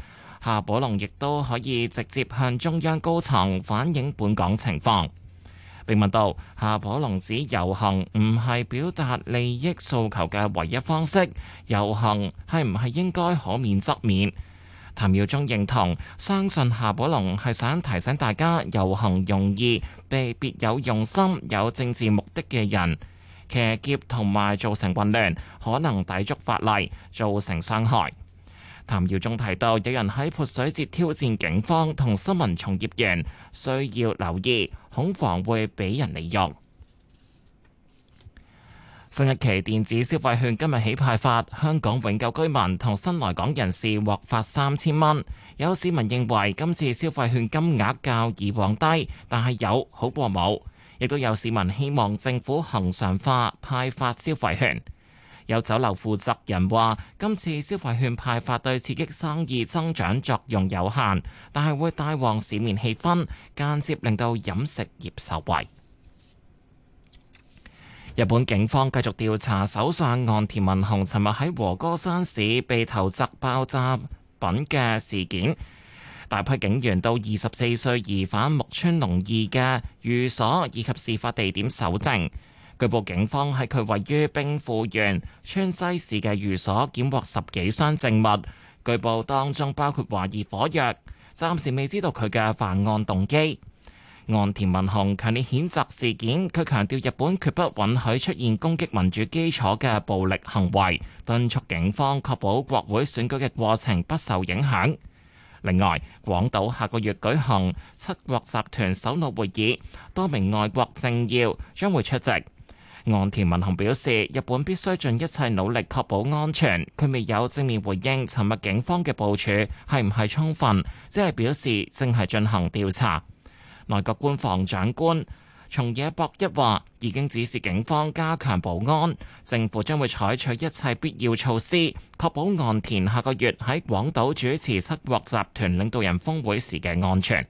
夏寶龍亦都可以直接向中央高層反映本港情況。並問到夏寶龍指遊行唔係表達利益訴求嘅唯一方式，遊行係唔係應該可免則免？譚耀宗認同，相信夏寶龍係想提醒大家，遊行容易被別有用心、有政治目的嘅人騎劫同埋造成混亂，可能抵觸法例，造成傷害。譚耀宗提到，有人喺潑水節挑戰警方同新聞從業員，需要留意，恐防會俾人利用。新一期電子消費券今日起派發，香港永久居民同新來港人士獲發三千蚊。有市民認為今次消費券金額較以往低，但係有好過冇。亦都有市民希望政府恒常化派發消費券。有酒樓負責人話：今次消費券派發對刺激生意增長作用有限，但係會帶旺市面氣氛，間接令到飲食業受惠。日本警方繼續調查首相岸田文雄尋日喺和歌山市被投擲爆炸品嘅事件，大批警員到二十四歲疑犯木村隆二嘅寓所以及事發地點搜證。據報，警方喺佢位於兵庫縣川西市嘅寓所，檢獲十幾箱證物。據報當中包括懷疑火藥，暫時未知道佢嘅犯案動機。岸田文雄強烈譴責事件，佢強調日本決不允許出現攻擊民主基礎嘅暴力行為，敦促警方確保國會選舉嘅過程不受影響。另外，廣島下個月舉行七國集團首腦會議，多名外國政要將會出席。岸田文雄表示，日本必須盡一切努力確保安全。佢未有正面回應，尋日警方嘅部署係唔係充分，即係表示正係進行調查。內閣官房長官松野博一話，已經指示警方加強保安，政府將會採取一切必要措施，確保岸田下個月喺廣島主持七國集團領導人峰會時嘅安全。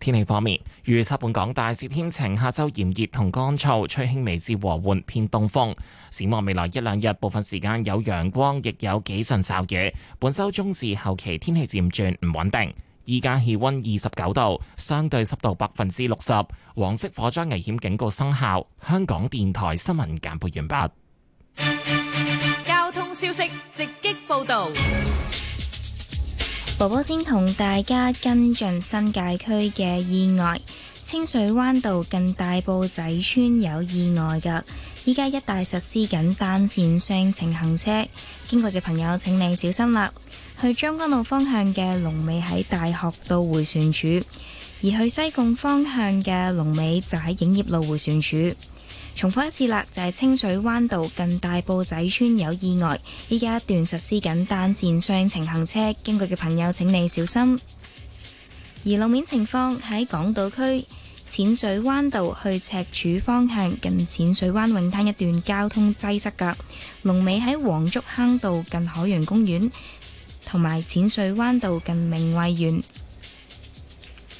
天氣方面，預測本港大致天晴，下周炎熱同乾燥，吹輕微至和緩偏東風。展望未來一兩日，部分時間有陽光，亦有幾陣驟雨。本周中至後期天氣漸轉唔穩定。而家氣溫二十九度，相對濕度百分之六十，黃色火災危險警告生效。香港電台新聞簡報完畢。交通消息，直擊報道。婆婆先同大家跟進新界區嘅意外，清水灣道近大埔仔村有意外㗎。依家一帶實施緊單線雙程行車，經過嘅朋友請你小心啦。去將軍澳方向嘅龍尾喺大學道迴旋處，而去西貢方向嘅龍尾就喺影業路迴旋處。重複一次啦，就係清水灣道近大埔仔村有意外，依家一段實施緊單線雙程行車，經過嘅朋友請你小心。而路面情況喺港島區淺水灣道去赤柱方向近淺水灣泳灘一段交通擠塞噶，龍尾喺黃竹坑道近海洋公園同埋淺水灣道近明慧園。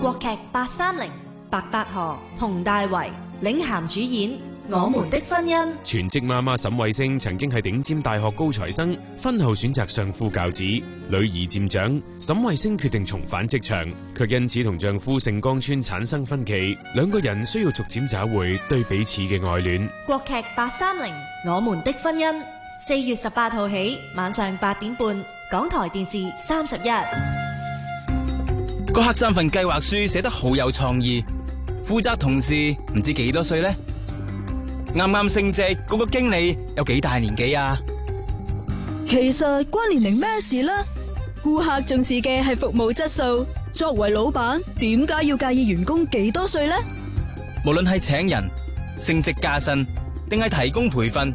國劇八三零，白百何、佟大為領銜主演《我們的婚姻》。全職媽媽沈慧星曾經係頂尖大學高材生，婚後選擇相夫教子，女兒漸長，沈慧星決定重返職場，卻因此同丈夫盛江川產生分歧，兩個人需要逐漸找回對彼此嘅愛戀。國劇八三零，《我們的婚姻》。四月十八號起，晚上八點半，港台電視三十一。個客棧份計劃書寫得好有創意，負責同事唔知幾多歲呢？啱啱升職嗰個經理有幾大年紀啊？其實關年齡咩事啦？顧客重視嘅係服務質素，作為老闆點解要介意員工幾多歲呢？無論係請人、升職加薪，定係提供培訓。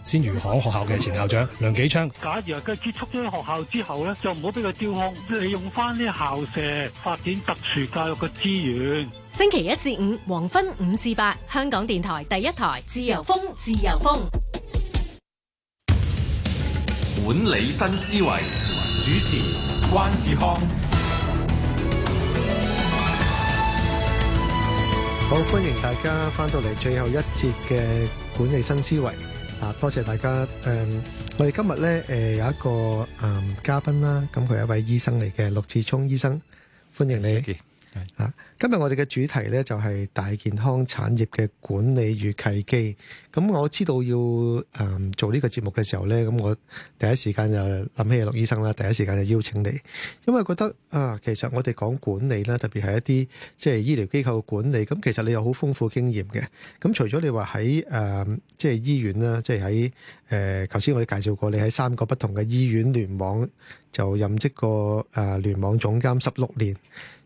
先如行學校嘅前校長梁啟昌，假如佢結束咗學校之後咧，就唔好俾佢丟空，利用翻啲校舍發展特殊教育嘅資源。星期一至五黃昏五至八，香港電台第一台自由風，自由風。管理新思維，主持關志康。好，歡迎大家翻到嚟最後一節嘅管理新思維。啊！多謝大家誒，我哋今日咧誒有一個誒嘉賓啦，咁佢係一位醫生嚟嘅，陸志聰醫生，歡迎你。謝謝你啊！今日我哋嘅主題呢，就係大健康產業嘅管理與契機。咁我知道要誒做呢個節目嘅時候呢，咁我第一時間就諗起阿陸醫生啦。第一時間就邀請你，因為覺得啊，其實我哋講管理咧，特別係一啲即係醫療機構管理，咁其實你有好豐富經驗嘅。咁除咗你話喺誒即係醫院啦，即係喺誒，頭先我哋介紹過，你喺三個不同嘅醫院聯網就任職過誒，聯網總監十六年。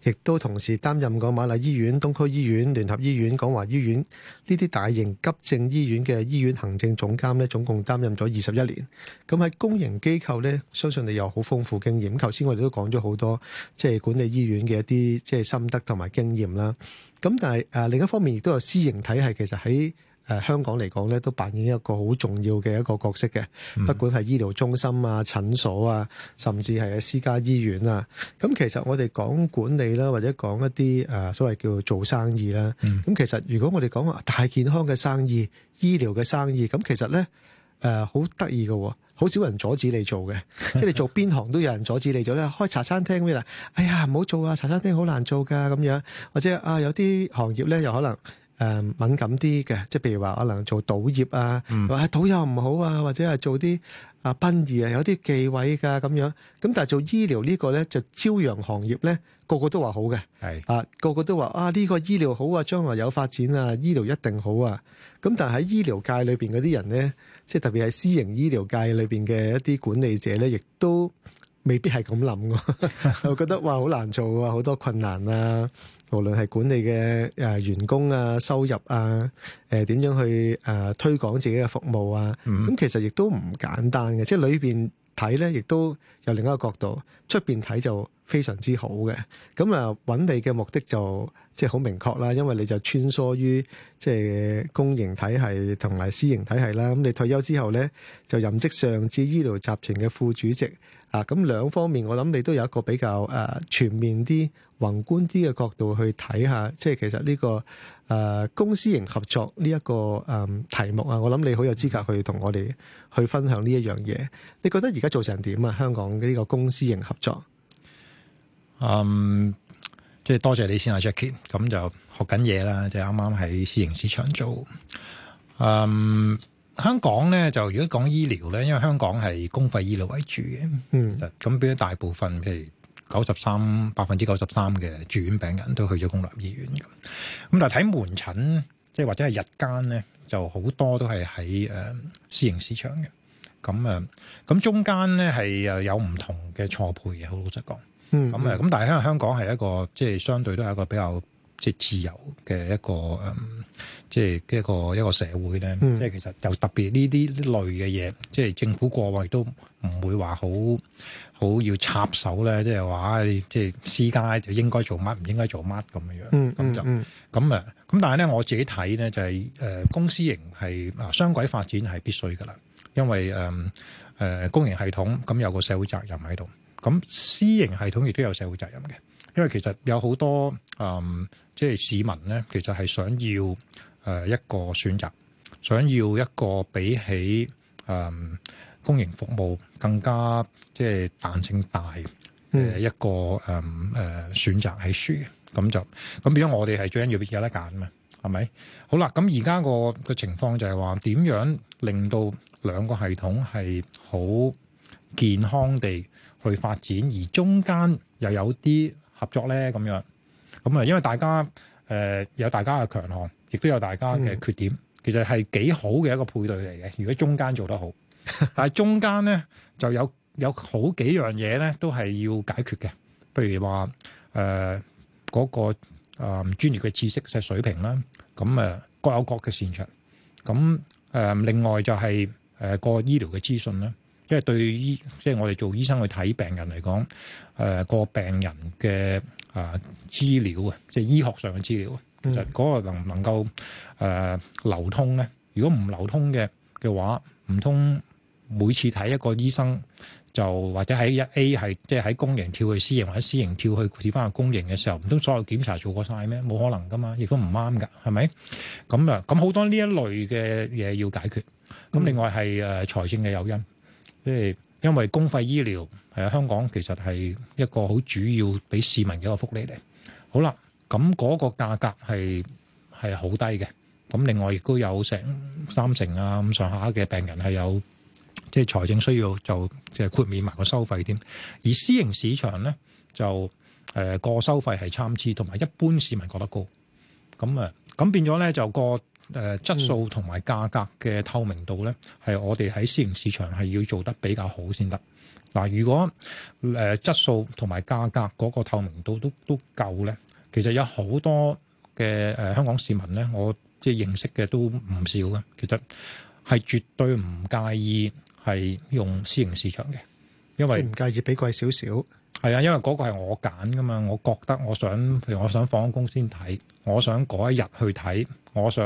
亦都同時擔任過瑪麗醫院、東區醫院、聯合醫院、廣華醫院呢啲大型急症醫院嘅醫院行政總監咧，總共擔任咗二十一年。咁喺公營機構咧，相信你有好豐富經驗。咁頭先我哋都講咗好多，即係管理醫院嘅一啲即係心得同埋經驗啦。咁但係誒另一方面亦都有私營體系，其實喺誒香港嚟講咧，都扮演一個好重要嘅一個角色嘅，不管係醫療中心啊、診所啊，甚至係啊私家醫院啊。咁其實我哋講管理啦，或者講一啲誒所謂叫做做生意啦。咁其實如果我哋講大健康嘅生意、醫療嘅生意，咁其實咧誒好得意嘅，好少人阻止你做嘅。即係你做邊行都有人阻止你做咧，開茶餐廳咩？哎呀，唔好做啊！茶餐廳好難做㗎咁樣，或者啊有啲行業咧又可能。誒、嗯、敏感啲嘅，即係譬如話，可能做賭業啊，話、嗯、賭又唔好啊，或者係做啲啊殯儀啊，有啲忌諱㗎咁樣。咁但係做醫療這個呢個咧，就朝陽行業咧，個個都話好嘅。係是啊，個個都話啊，呢、這個醫療好啊，將來有發展啊，醫療一定好啊。咁但係喺醫療界裏邊嗰啲人咧，即係特別係私營醫療界裏邊嘅一啲管理者咧，亦都未必係咁諗，就 <laughs> <laughs> <laughs> 覺得哇，好難做啊，好多困難啊。無論係管理嘅誒員工啊、收入啊、誒點樣去誒推廣自己嘅服務啊，咁其實亦都唔簡單嘅，即係裏邊睇咧，亦都有另一個角度；出邊睇就非常之好嘅。咁啊，揾你嘅目的就即係好明確啦，因為你就穿梭於即係公營體系同埋私營體系啦。咁你退休之後咧，就任職上至醫療集團嘅副主席。啊，咁兩方面我諗你都有一個比較誒全面啲、宏觀啲嘅角度去睇下，即係其實呢個誒公私營合作呢一個誒題目啊，我諗你好有資格去同我哋去分享呢一樣嘢。你覺得而家做成點啊？香港嘅呢個公私營合作，嗯，即係多謝你先啊，Jackie。咁就學緊嘢啦，就係啱啱喺私營市場做，嗯。香港咧，就如果講醫療咧，因為香港係公費醫療為主嘅，嗯，咁變咗大部分，譬如九十三、百分之九十三嘅住院病人都去咗公立醫院咁。咁但係睇門診，即係或者係日間咧，就好多都係喺誒私營市場嘅。咁啊，咁中間咧係誒有唔同嘅錯配嘅，好老實講，咁啊、嗯，咁但係香香港係一個即係相對都係一個比較。即係自由嘅一個誒、嗯，即係一個一個社會咧、嗯。即係其實又特別呢啲類嘅嘢，即係政府過往亦都唔會話好好要插手咧。即係話，即係私家就應該做乜，唔應該做乜咁樣，嗯樣嗯。嗯，咁就咁啊。咁但係咧，我自己睇咧就係、是、誒，公私營係嗱雙軌發展係必須噶啦。因為誒誒、嗯呃、公營系統咁有個社會責任喺度，咁私營系統亦都有社會責任嘅。因為其實有好多誒。嗯即係市民咧，其實係想要誒、呃、一個選擇，想要一個比起誒、呃、公營服務更加即係、就是、彈性大嘅、呃、一個誒誒、呃、選擇係輸，咁就咁變咗我哋係最緊要有得揀啊嘛，係咪？好啦，咁而家個個情況就係話點樣令到兩個系統係好健康地去發展，而中間又有啲合作咧，咁樣。咁啊，因為大家誒、呃、有大家嘅強項，亦都有大家嘅缺點，嗯、其實係幾好嘅一個配對嚟嘅。如果中間做得好，但係中間咧就有有好幾樣嘢咧都係要解決嘅，譬如話誒嗰個誒專、呃、業嘅知識嘅水平啦，咁、呃、啊各有各嘅擅長。咁、呃、誒另外就係誒個醫療嘅資訊啦，因為對醫即係我哋做醫生去睇病人嚟講，誒、呃、個病人嘅。啊，資料啊，即係醫學上嘅資料啊，其實嗰個能唔能夠、呃、流通咧？如果唔流通嘅嘅話，唔通每次睇一個醫生就或者喺一 A 係即係喺公營跳去私營，或者私營跳去或者跳翻去公營嘅時候，唔通所有檢查做過晒咩？冇可能噶嘛，亦都唔啱㗎，係咪？咁啊，咁好多呢一類嘅嘢要解決。咁另外係誒財政嘅誘因，即係、嗯、因為公費醫療。係香港，其實係一個好主要俾市民嘅一個福利嚟。好啦，咁嗰個價格係係好低嘅。咁另外亦都有成三成啊咁上下嘅病人係有即係、就是、財政需要，就即係豁免埋個收費添。而私營市場咧就誒個、呃、收費係參差，同埋一般市民覺得高咁啊。咁、呃、變咗咧就、嗰個誒、呃、質素同埋價格嘅透明度咧，係、嗯、我哋喺私營市場係要做得比較好先得。嗱，如果誒質素同埋價格嗰個透明度都都夠咧，其實有好多嘅誒香港市民咧，我即係認識嘅都唔少嘅，其實係絕對唔介意係用私營市場嘅，因為唔介意畀貴少少。係啊，因為嗰個係我揀㗎嘛，我覺得我想譬如我想放工先睇。我想嗰一日去睇，我想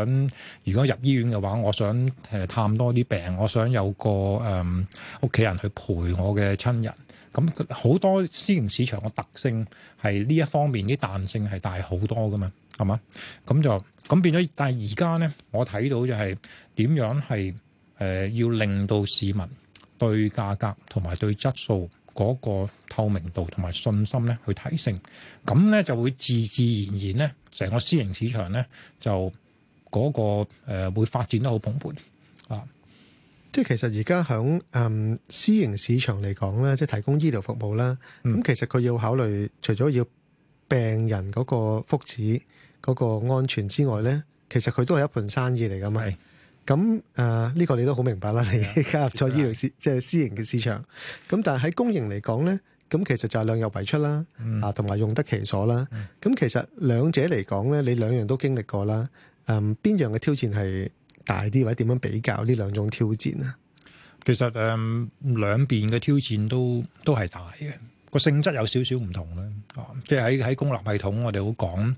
如果入醫院嘅話，我想、呃、探多啲病，我想有個誒屋企人去陪我嘅親人。咁好多私營市場嘅特性係呢一方面啲彈性係大好多㗎嘛，係嘛？咁就咁變咗。但係而家咧，我睇到就係、是、點樣係、呃、要令到市民對價格同埋對質素嗰個透明度同埋信心咧去提升，咁咧就會自自然然咧。成個私營市場咧，就嗰個誒會發展得好蓬勃啊！即係其實而家響誒私營市場嚟講咧，即係提供醫療服務啦。咁其實佢要考慮，除咗要病人嗰個福祉、嗰個安全之外咧，其實佢都係一盤生意嚟㗎嘛。係。咁誒，呢個你都好明白啦。你加入咗醫療市，即係私營嘅市場。咁但係喺公營嚟講咧。咁其實就係量入為出啦，啊，同埋用得其所啦。咁其實兩者嚟講咧，你兩樣都經歷過啦。誒，邊樣嘅挑戰係大啲，或者點樣比較呢兩種挑戰咧？其實誒兩邊嘅挑戰都都係大嘅，個性質有少少唔同啦。即係喺喺公立系統，我哋好講，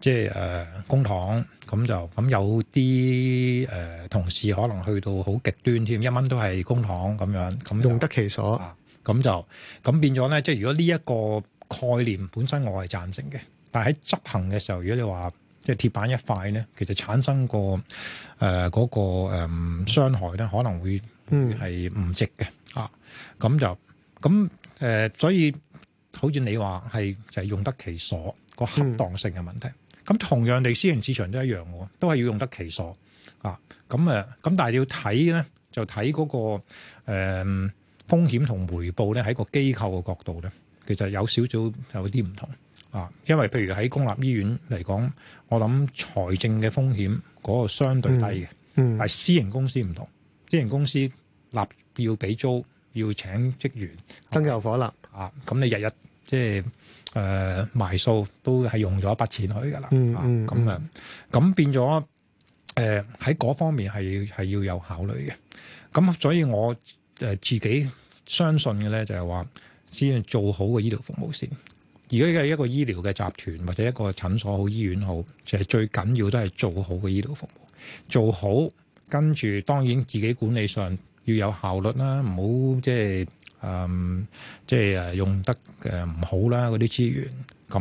即係誒公帑，咁就咁有啲誒同事可能去到好極端添，一蚊都係公帑咁樣，咁用得其所。咁就咁變咗咧，即係如果呢一個概念本身我係贊成嘅，但係喺執行嘅時候，如果你話即係鐵板一塊咧，其實產生過、呃嗰個誒嗰個誒傷害咧，可能會係唔值嘅、嗯、啊。咁就咁誒、呃，所以好似你話係就係用得其所、嗰個恰當性嘅問題。咁、嗯、同樣地，私人市場都一樣喎，都係要用得其所啊。咁誒，咁但係要睇咧，就睇嗰、嗰個、呃風險同回報咧，喺個機構嘅角度咧，其實有少少有啲唔同啊。因為譬如喺公立醫院嚟講，我諗財政嘅風險嗰個相對低嘅，嗯嗯、但係私營公司唔同。私營公司立要俾租，要請職員，燈油火蠟啊，咁你日日即係誒埋數都係用咗一筆錢去㗎啦。咁、嗯嗯、啊，咁、嗯嗯嗯嗯、變咗誒喺嗰方面係係要有考慮嘅。咁所以我。誒自己相信嘅咧，就係話先做好個醫療服務先。而家嘅一個醫療嘅集團或者一個診所好，醫院好，其實最緊要都係做好個醫療服務。做好，跟住當然自己管理上要有效率啦，唔好即係誒、嗯、即係誒用得誒唔好啦嗰啲資源。咁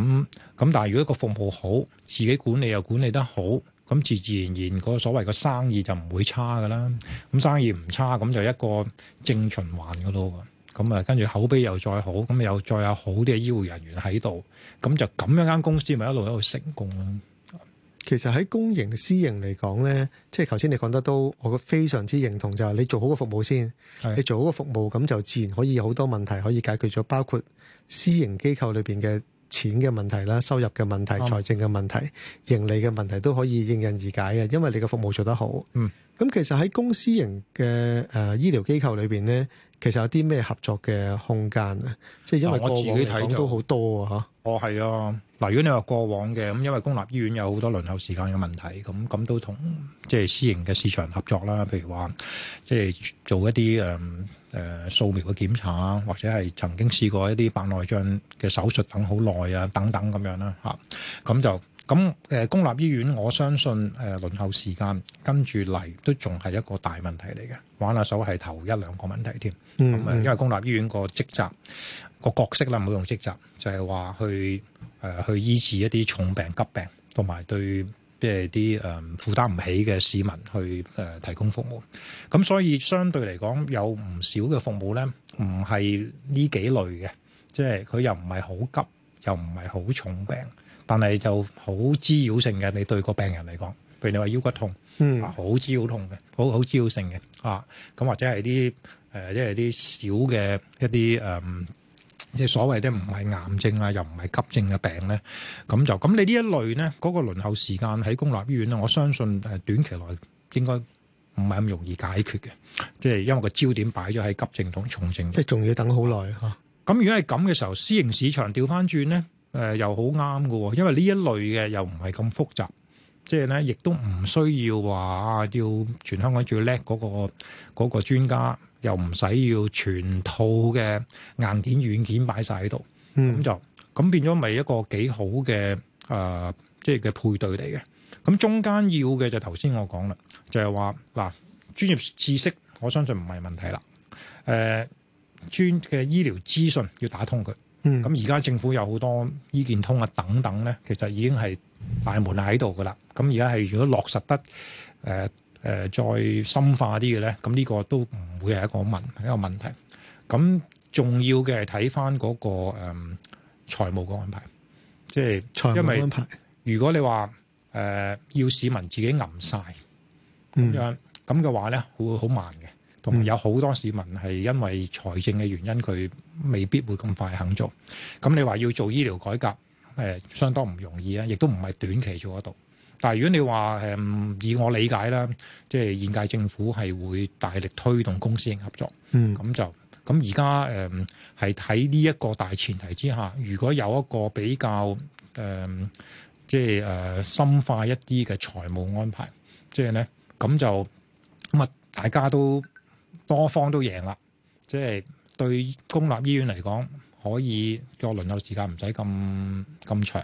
咁但係如果個服務好，自己管理又管理得好。咁自自然然，嗰個所謂嘅生意就唔會差噶啦。咁生意唔差，咁就一個正循環嘅咯。咁啊，跟住口碑又再好，咁又再有好啲嘅醫護人員喺度，咁就咁樣間公司咪一路一路成功咯。其實喺公營、私營嚟講咧，即係頭先你講得都，我非常之認同，就係、係、你做好個服務先，係你做好個服務，咁就自然可以好多問題可以解決咗，包括私營機構裏面嘅。錢嘅問題啦，收入嘅問題、財政嘅問題、嗯、盈利嘅問題都可以迎刃而解嘅，因為你嘅服務做得好。嗯，咁其實喺公私營嘅誒醫療機構裏邊呢，其實有啲咩合作嘅空間、呃的哦、啊？即係因為我自己睇都好多啊！哦係啊，嗱如果你話過往嘅咁，因為公立醫院有好多輪候時間嘅問題，咁咁都同即係私營嘅市場合作啦。譬如話，即、就、係、是、做一啲誒。嗯誒掃、呃、描嘅檢查啊，或者係曾經試過一啲白內障嘅手術等好耐啊，等等咁樣啦嚇咁就咁誒、呃。公立醫院我相信誒輪候時間跟住嚟都仲係一個大問題嚟嘅，玩下手係頭一兩個問題添。咁誒、嗯，嗯、因為公立醫院個職責個、嗯、角色啦，唔好用職責就係、是、話去誒、呃、去醫治一啲重病急病，同埋對。即係啲誒負擔唔起嘅市民去誒、呃、提供服務，咁所以相對嚟講有唔少嘅服務咧，唔係呢幾類嘅，即係佢又唔係好急，又唔係好重病，但係就好滋擾性嘅。你對個病人嚟講，譬如你話腰骨痛，嗯，好滋擾痛嘅，好好滋擾性嘅啊，咁或者係啲誒，即係啲小嘅一啲誒。即係所謂咧，唔係癌症啊，又唔係急症嘅病咧，咁就咁你呢一類呢，嗰個輪候時間喺公立醫院呢，我相信誒短期內應該唔係咁容易解決嘅，即係因為個焦點擺咗喺急症同重症，即係仲要等好耐嚇。咁如果係咁嘅時候，私營市場調翻轉咧，誒又好啱㗎喎，因為呢一類嘅又唔係咁複雜。即係咧，亦都唔需要話要全香港最叻嗰、那個嗰、那個專家，又唔使要全套嘅硬件軟件擺晒喺度，咁、嗯、就咁變咗咪一個幾好嘅啊、呃，即係嘅配對嚟嘅。咁中間要嘅就頭先我講啦，就係話嗱，專業知識我相信唔係問題啦。誒、呃，專嘅醫療資訊要打通佢，咁而家政府有好多醫健通啊等等咧，其實已經係。大門係喺度噶啦，咁而家係如果落實得誒誒、呃呃、再深化啲嘅咧，咁呢個都唔會係一個問一個問題。咁重要嘅係睇翻嗰個誒財、嗯、務嘅安排，即係是因為財務安排，如果你話誒、呃、要市民自己揞晒咁樣咁嘅、嗯、話咧，會好慢嘅，同有好多市民係因為財政嘅原因，佢未必會咁快肯做。咁你話要做醫療改革？誒相當唔容易啊，亦都唔係短期做得到。但係如果你話誒，以我理解啦，即係現屆政府係會大力推動公私營合作。嗯，咁就咁而家誒，係睇呢一個大前提之下，如果有一個比較誒、呃，即係誒、呃、深化一啲嘅財務安排，即係咧咁就咁啊，大家都多方都贏啦。即、就、係、是、對公立醫院嚟講。可以個輪候時間唔使咁咁長，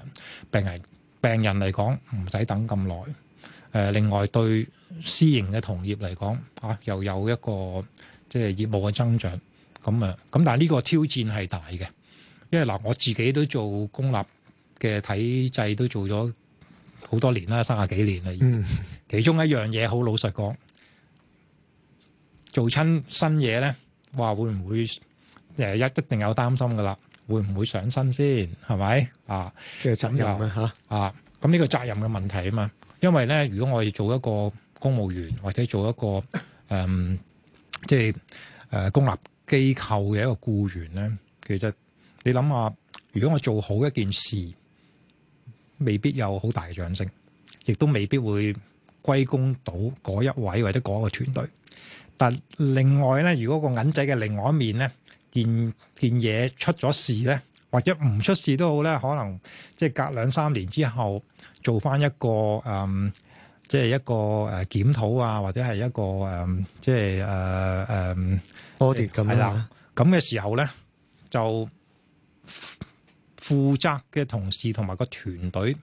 病人病人嚟講唔使等咁耐。誒，另外對私營嘅同業嚟講，啊又有一個即係業務嘅增長。咁啊，咁但係呢個挑戰係大嘅，因為嗱我自己都做公立嘅體制，都做咗好多年啦，三十幾年啦。嗯，其中一樣嘢好老實講，做親新嘢咧，話會唔會？誒一一定有擔心㗎啦，會唔會上身先係咪啊？即係諗吓啊，咁呢個責任嘅問題啊嘛。因為咧，如果我哋做一個公務員或者做一個誒，即係誒公立機構嘅一個僱員咧，其實你諗下，如果我做好一件事，未必有好大嘅掌聲，亦都未必會歸功到嗰一位或者嗰個團隊。但另外咧，如果個銀仔嘅另外一面咧。件件嘢出咗事咧，或者唔出事都好咧，可能即係隔兩三年之後做翻一個誒，即係一個誒檢討啊，或者係一個誒，即係誒誒，波跌咁係啦。咁嘅時候咧，就負責嘅同事同埋個團隊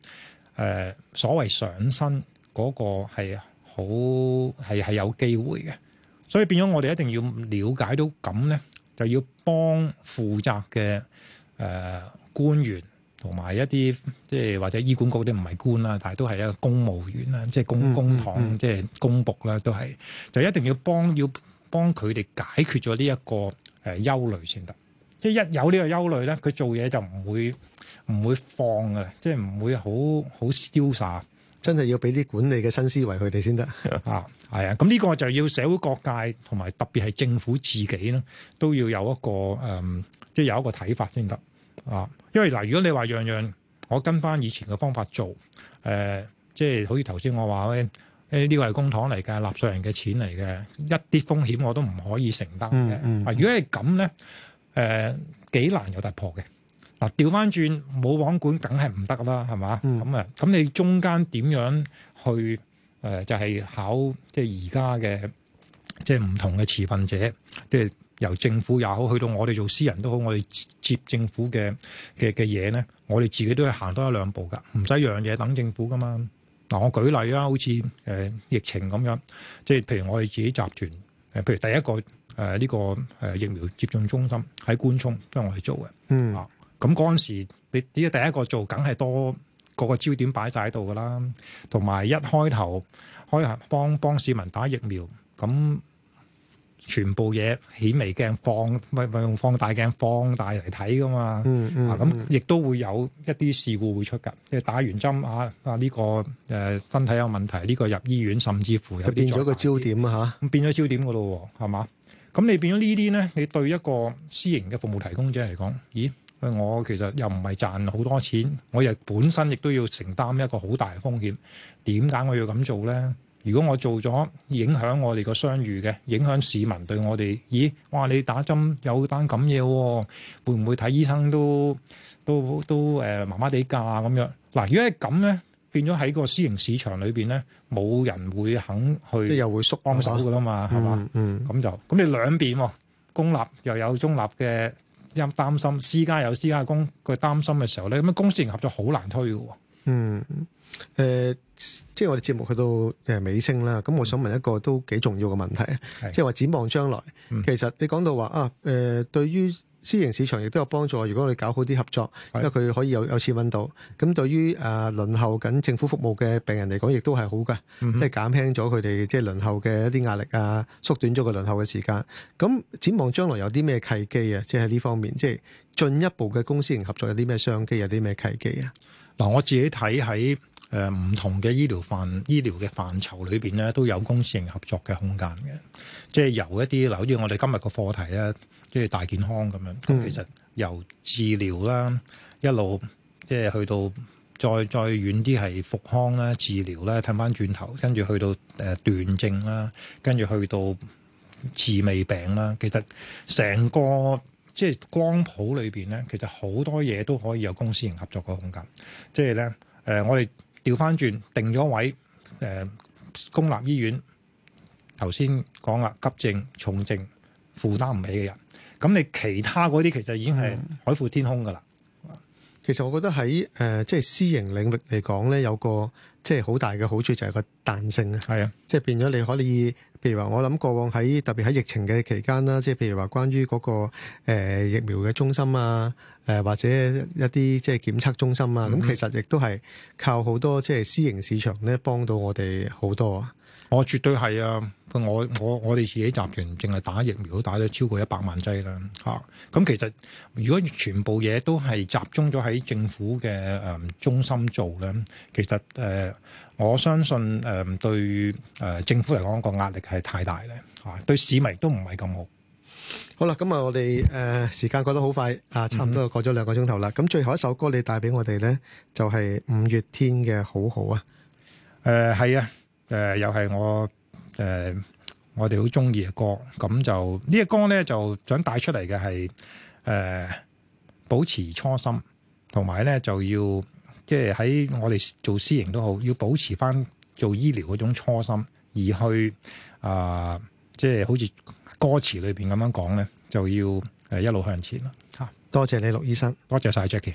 誒，所謂上身嗰個係好係係有機會嘅，所以變咗我哋一定要了解到咁咧。就要幫負責嘅、呃、官員同埋一啲即係或者醫管局啲唔係官啦，但係都係一個公務員啦，即係公公堂，嗯嗯、即係公僕啦，都係就一定要幫要幫佢哋解決咗呢一個誒憂慮先得。即係一有呢個憂慮咧，佢做嘢就唔會唔會放啦，即係唔會好好瀟灑。真係要俾啲管理嘅新思維佢哋先得啊！ <laughs> 係啊，咁呢個就要社會各界同埋特別係政府自己咧，都要有一個即係、嗯就是、有一個睇法先得啊。因為嗱、呃，如果你話樣樣我跟翻以前嘅方法做，即、呃、係、就是、好似頭先我話咧，呢個係公帑嚟嘅，納稅人嘅錢嚟嘅，一啲風險我都唔可以承擔嘅。啊、嗯嗯呃，如果係咁咧，誒、呃、幾難有突破嘅。嗱、呃，調翻轉冇網管，梗係唔得啦，係嘛、嗯嗯？咁啊，咁你中間點樣去？誒就係考，即係而家嘅即係唔同嘅持份者，即係由政府也好，去到我哋做私人都好，我哋接政府嘅嘅嘅嘢咧，我哋自己都係行多一兩步㗎，唔使樣嘢等政府㗎嘛。嗱，我舉例啦，好似誒疫情咁樣，即係譬如我哋自己集團，誒譬如第一個誒呢個誒疫苗接種中心喺官涌都係我哋做嘅，嗯啊，咁嗰陣時你呢個第一個做梗係多。個個焦點擺晒喺度噶啦，同埋一開頭開下幫幫市民打疫苗，咁全部嘢顯微鏡放咪咪用放大鏡放大嚟睇噶嘛，嗯嗯、啊咁亦都會有一啲事故會出噶，即係打完針啊啊呢個誒、呃、身體有問題，呢個入醫院，甚至乎又變咗個焦點啊吓，咁變咗焦點噶咯喎，係嘛？咁你變咗呢啲咧，你對一個私營嘅服務提供者嚟講，咦？我其實又唔係賺好多錢，我亦本身亦都要承擔一個好大嘅風險。點解我要咁做咧？如果我做咗影響我哋個商譽嘅，影響市民對我哋，咦？哇！你打針有單咁嘢喎，會唔會睇醫生都都都誒麻麻地㗎咁樣？嗱，如果係咁咧，變咗喺個私營市場裏邊咧，冇人會肯去，即係又會縮幫手嘅啦嘛，係嘛？嗯，咁吧、嗯、就咁你兩邊喎，公立又有中立嘅。因擔心私家有私家嘅工，佢擔心嘅時候咧，咁樣公私營合作好難推嘅喎。嗯，誒、呃，即係我哋節目去到誒尾聲啦。咁我想問一個都幾重要嘅問題，嗯、即係話展望將來，嗯、其實你講到話啊，誒、呃，對於。私營市場亦都有幫助。如果我哋搞好啲合作，因為佢可以有有錢揾到。咁對於誒、呃、輪候緊政府服務嘅病人嚟講，亦都係好嘅，嗯、哼即係減輕咗佢哋即係輪候嘅一啲壓力啊，縮短咗個輪候嘅時間。咁展望將來有啲咩契機啊？即係呢方面，即、就、係、是、進一步嘅公私營合作有啲咩商機，有啲咩契機啊？嗱，我自己睇喺誒唔同嘅醫療範醫療嘅範疇裏邊咧，都有公私營合作嘅空間嘅。即、就、係、是、由一啲，嗱，好似我哋今日個課題咧。即係大健康咁樣，咁其實由治療啦，嗯、一路即係去到再再遠啲係復康啦、治療啦，褪翻轉頭，跟住去到誒斷症啦，跟住去到治未病啦。其實成個即係、就是、光譜裏邊咧，其實好多嘢都可以有公私營合作嘅空間。即係咧，誒我哋調翻轉定咗位，誒公立醫院頭先講啊，急症、重症負擔唔起嘅人。咁你其他嗰啲其實已經係海闊天空噶啦。其實我覺得喺誒即係私營領域嚟講咧，有個即係好大嘅好處就係個彈性啊。係啊的，即係變咗你可以，譬如話我諗過往喺特別喺疫情嘅期間啦，即係譬如話關於嗰個誒疫苗嘅中心啊，誒或者一啲即係檢測中心啊，咁、嗯、其實亦都係靠好多即係私營市場咧幫到我哋好多。我絕對係啊！我我我哋自己集團淨係打疫苗都打咗超過一百萬劑啦吓！咁、啊、其實如果全部嘢都係集中咗喺政府嘅誒中心做咧，其實誒、呃、我相信誒、呃、對誒政府嚟講個壓力係太大咧吓、啊，對市民都唔係咁好。好啦，咁啊，我哋誒時間過得好快啊，差唔多又過咗兩個鐘頭啦。咁、嗯、最後一首歌你帶俾我哋咧，就係、是、五月天嘅好好、呃、是啊。誒，係啊。誒、呃，又係我誒、呃，我哋好中意嘅歌，咁就呢個歌咧，就想帶出嚟嘅係誒，保持初心，同埋咧就要即係喺我哋做私營都好，要保持翻做醫療嗰種初心，而去啊、呃，即係好似歌詞裏邊咁樣講咧，就要誒一路向前啦。吓，多謝你，陸醫生，多謝晒，Jackie。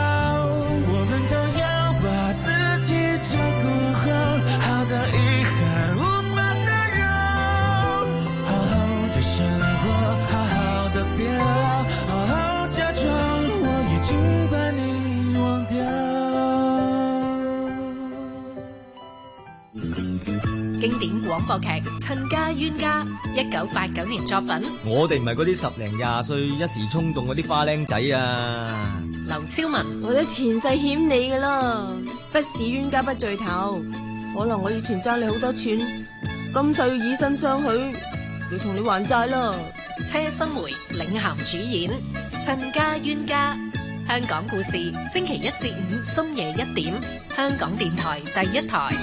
廣播劇《親家冤家》，一九八九年作品。我哋唔係嗰啲十零廿歲一時衝動嗰啲花僆仔啊！劉超文，我哋前世欠你噶啦，不是冤家不聚頭。可能我以前爭你好多錢，今世要以身相許，要同你還債啦。車心梅、領銜主演《親家冤家》，香港故事，星期一至五深夜一點，香港電台第一台。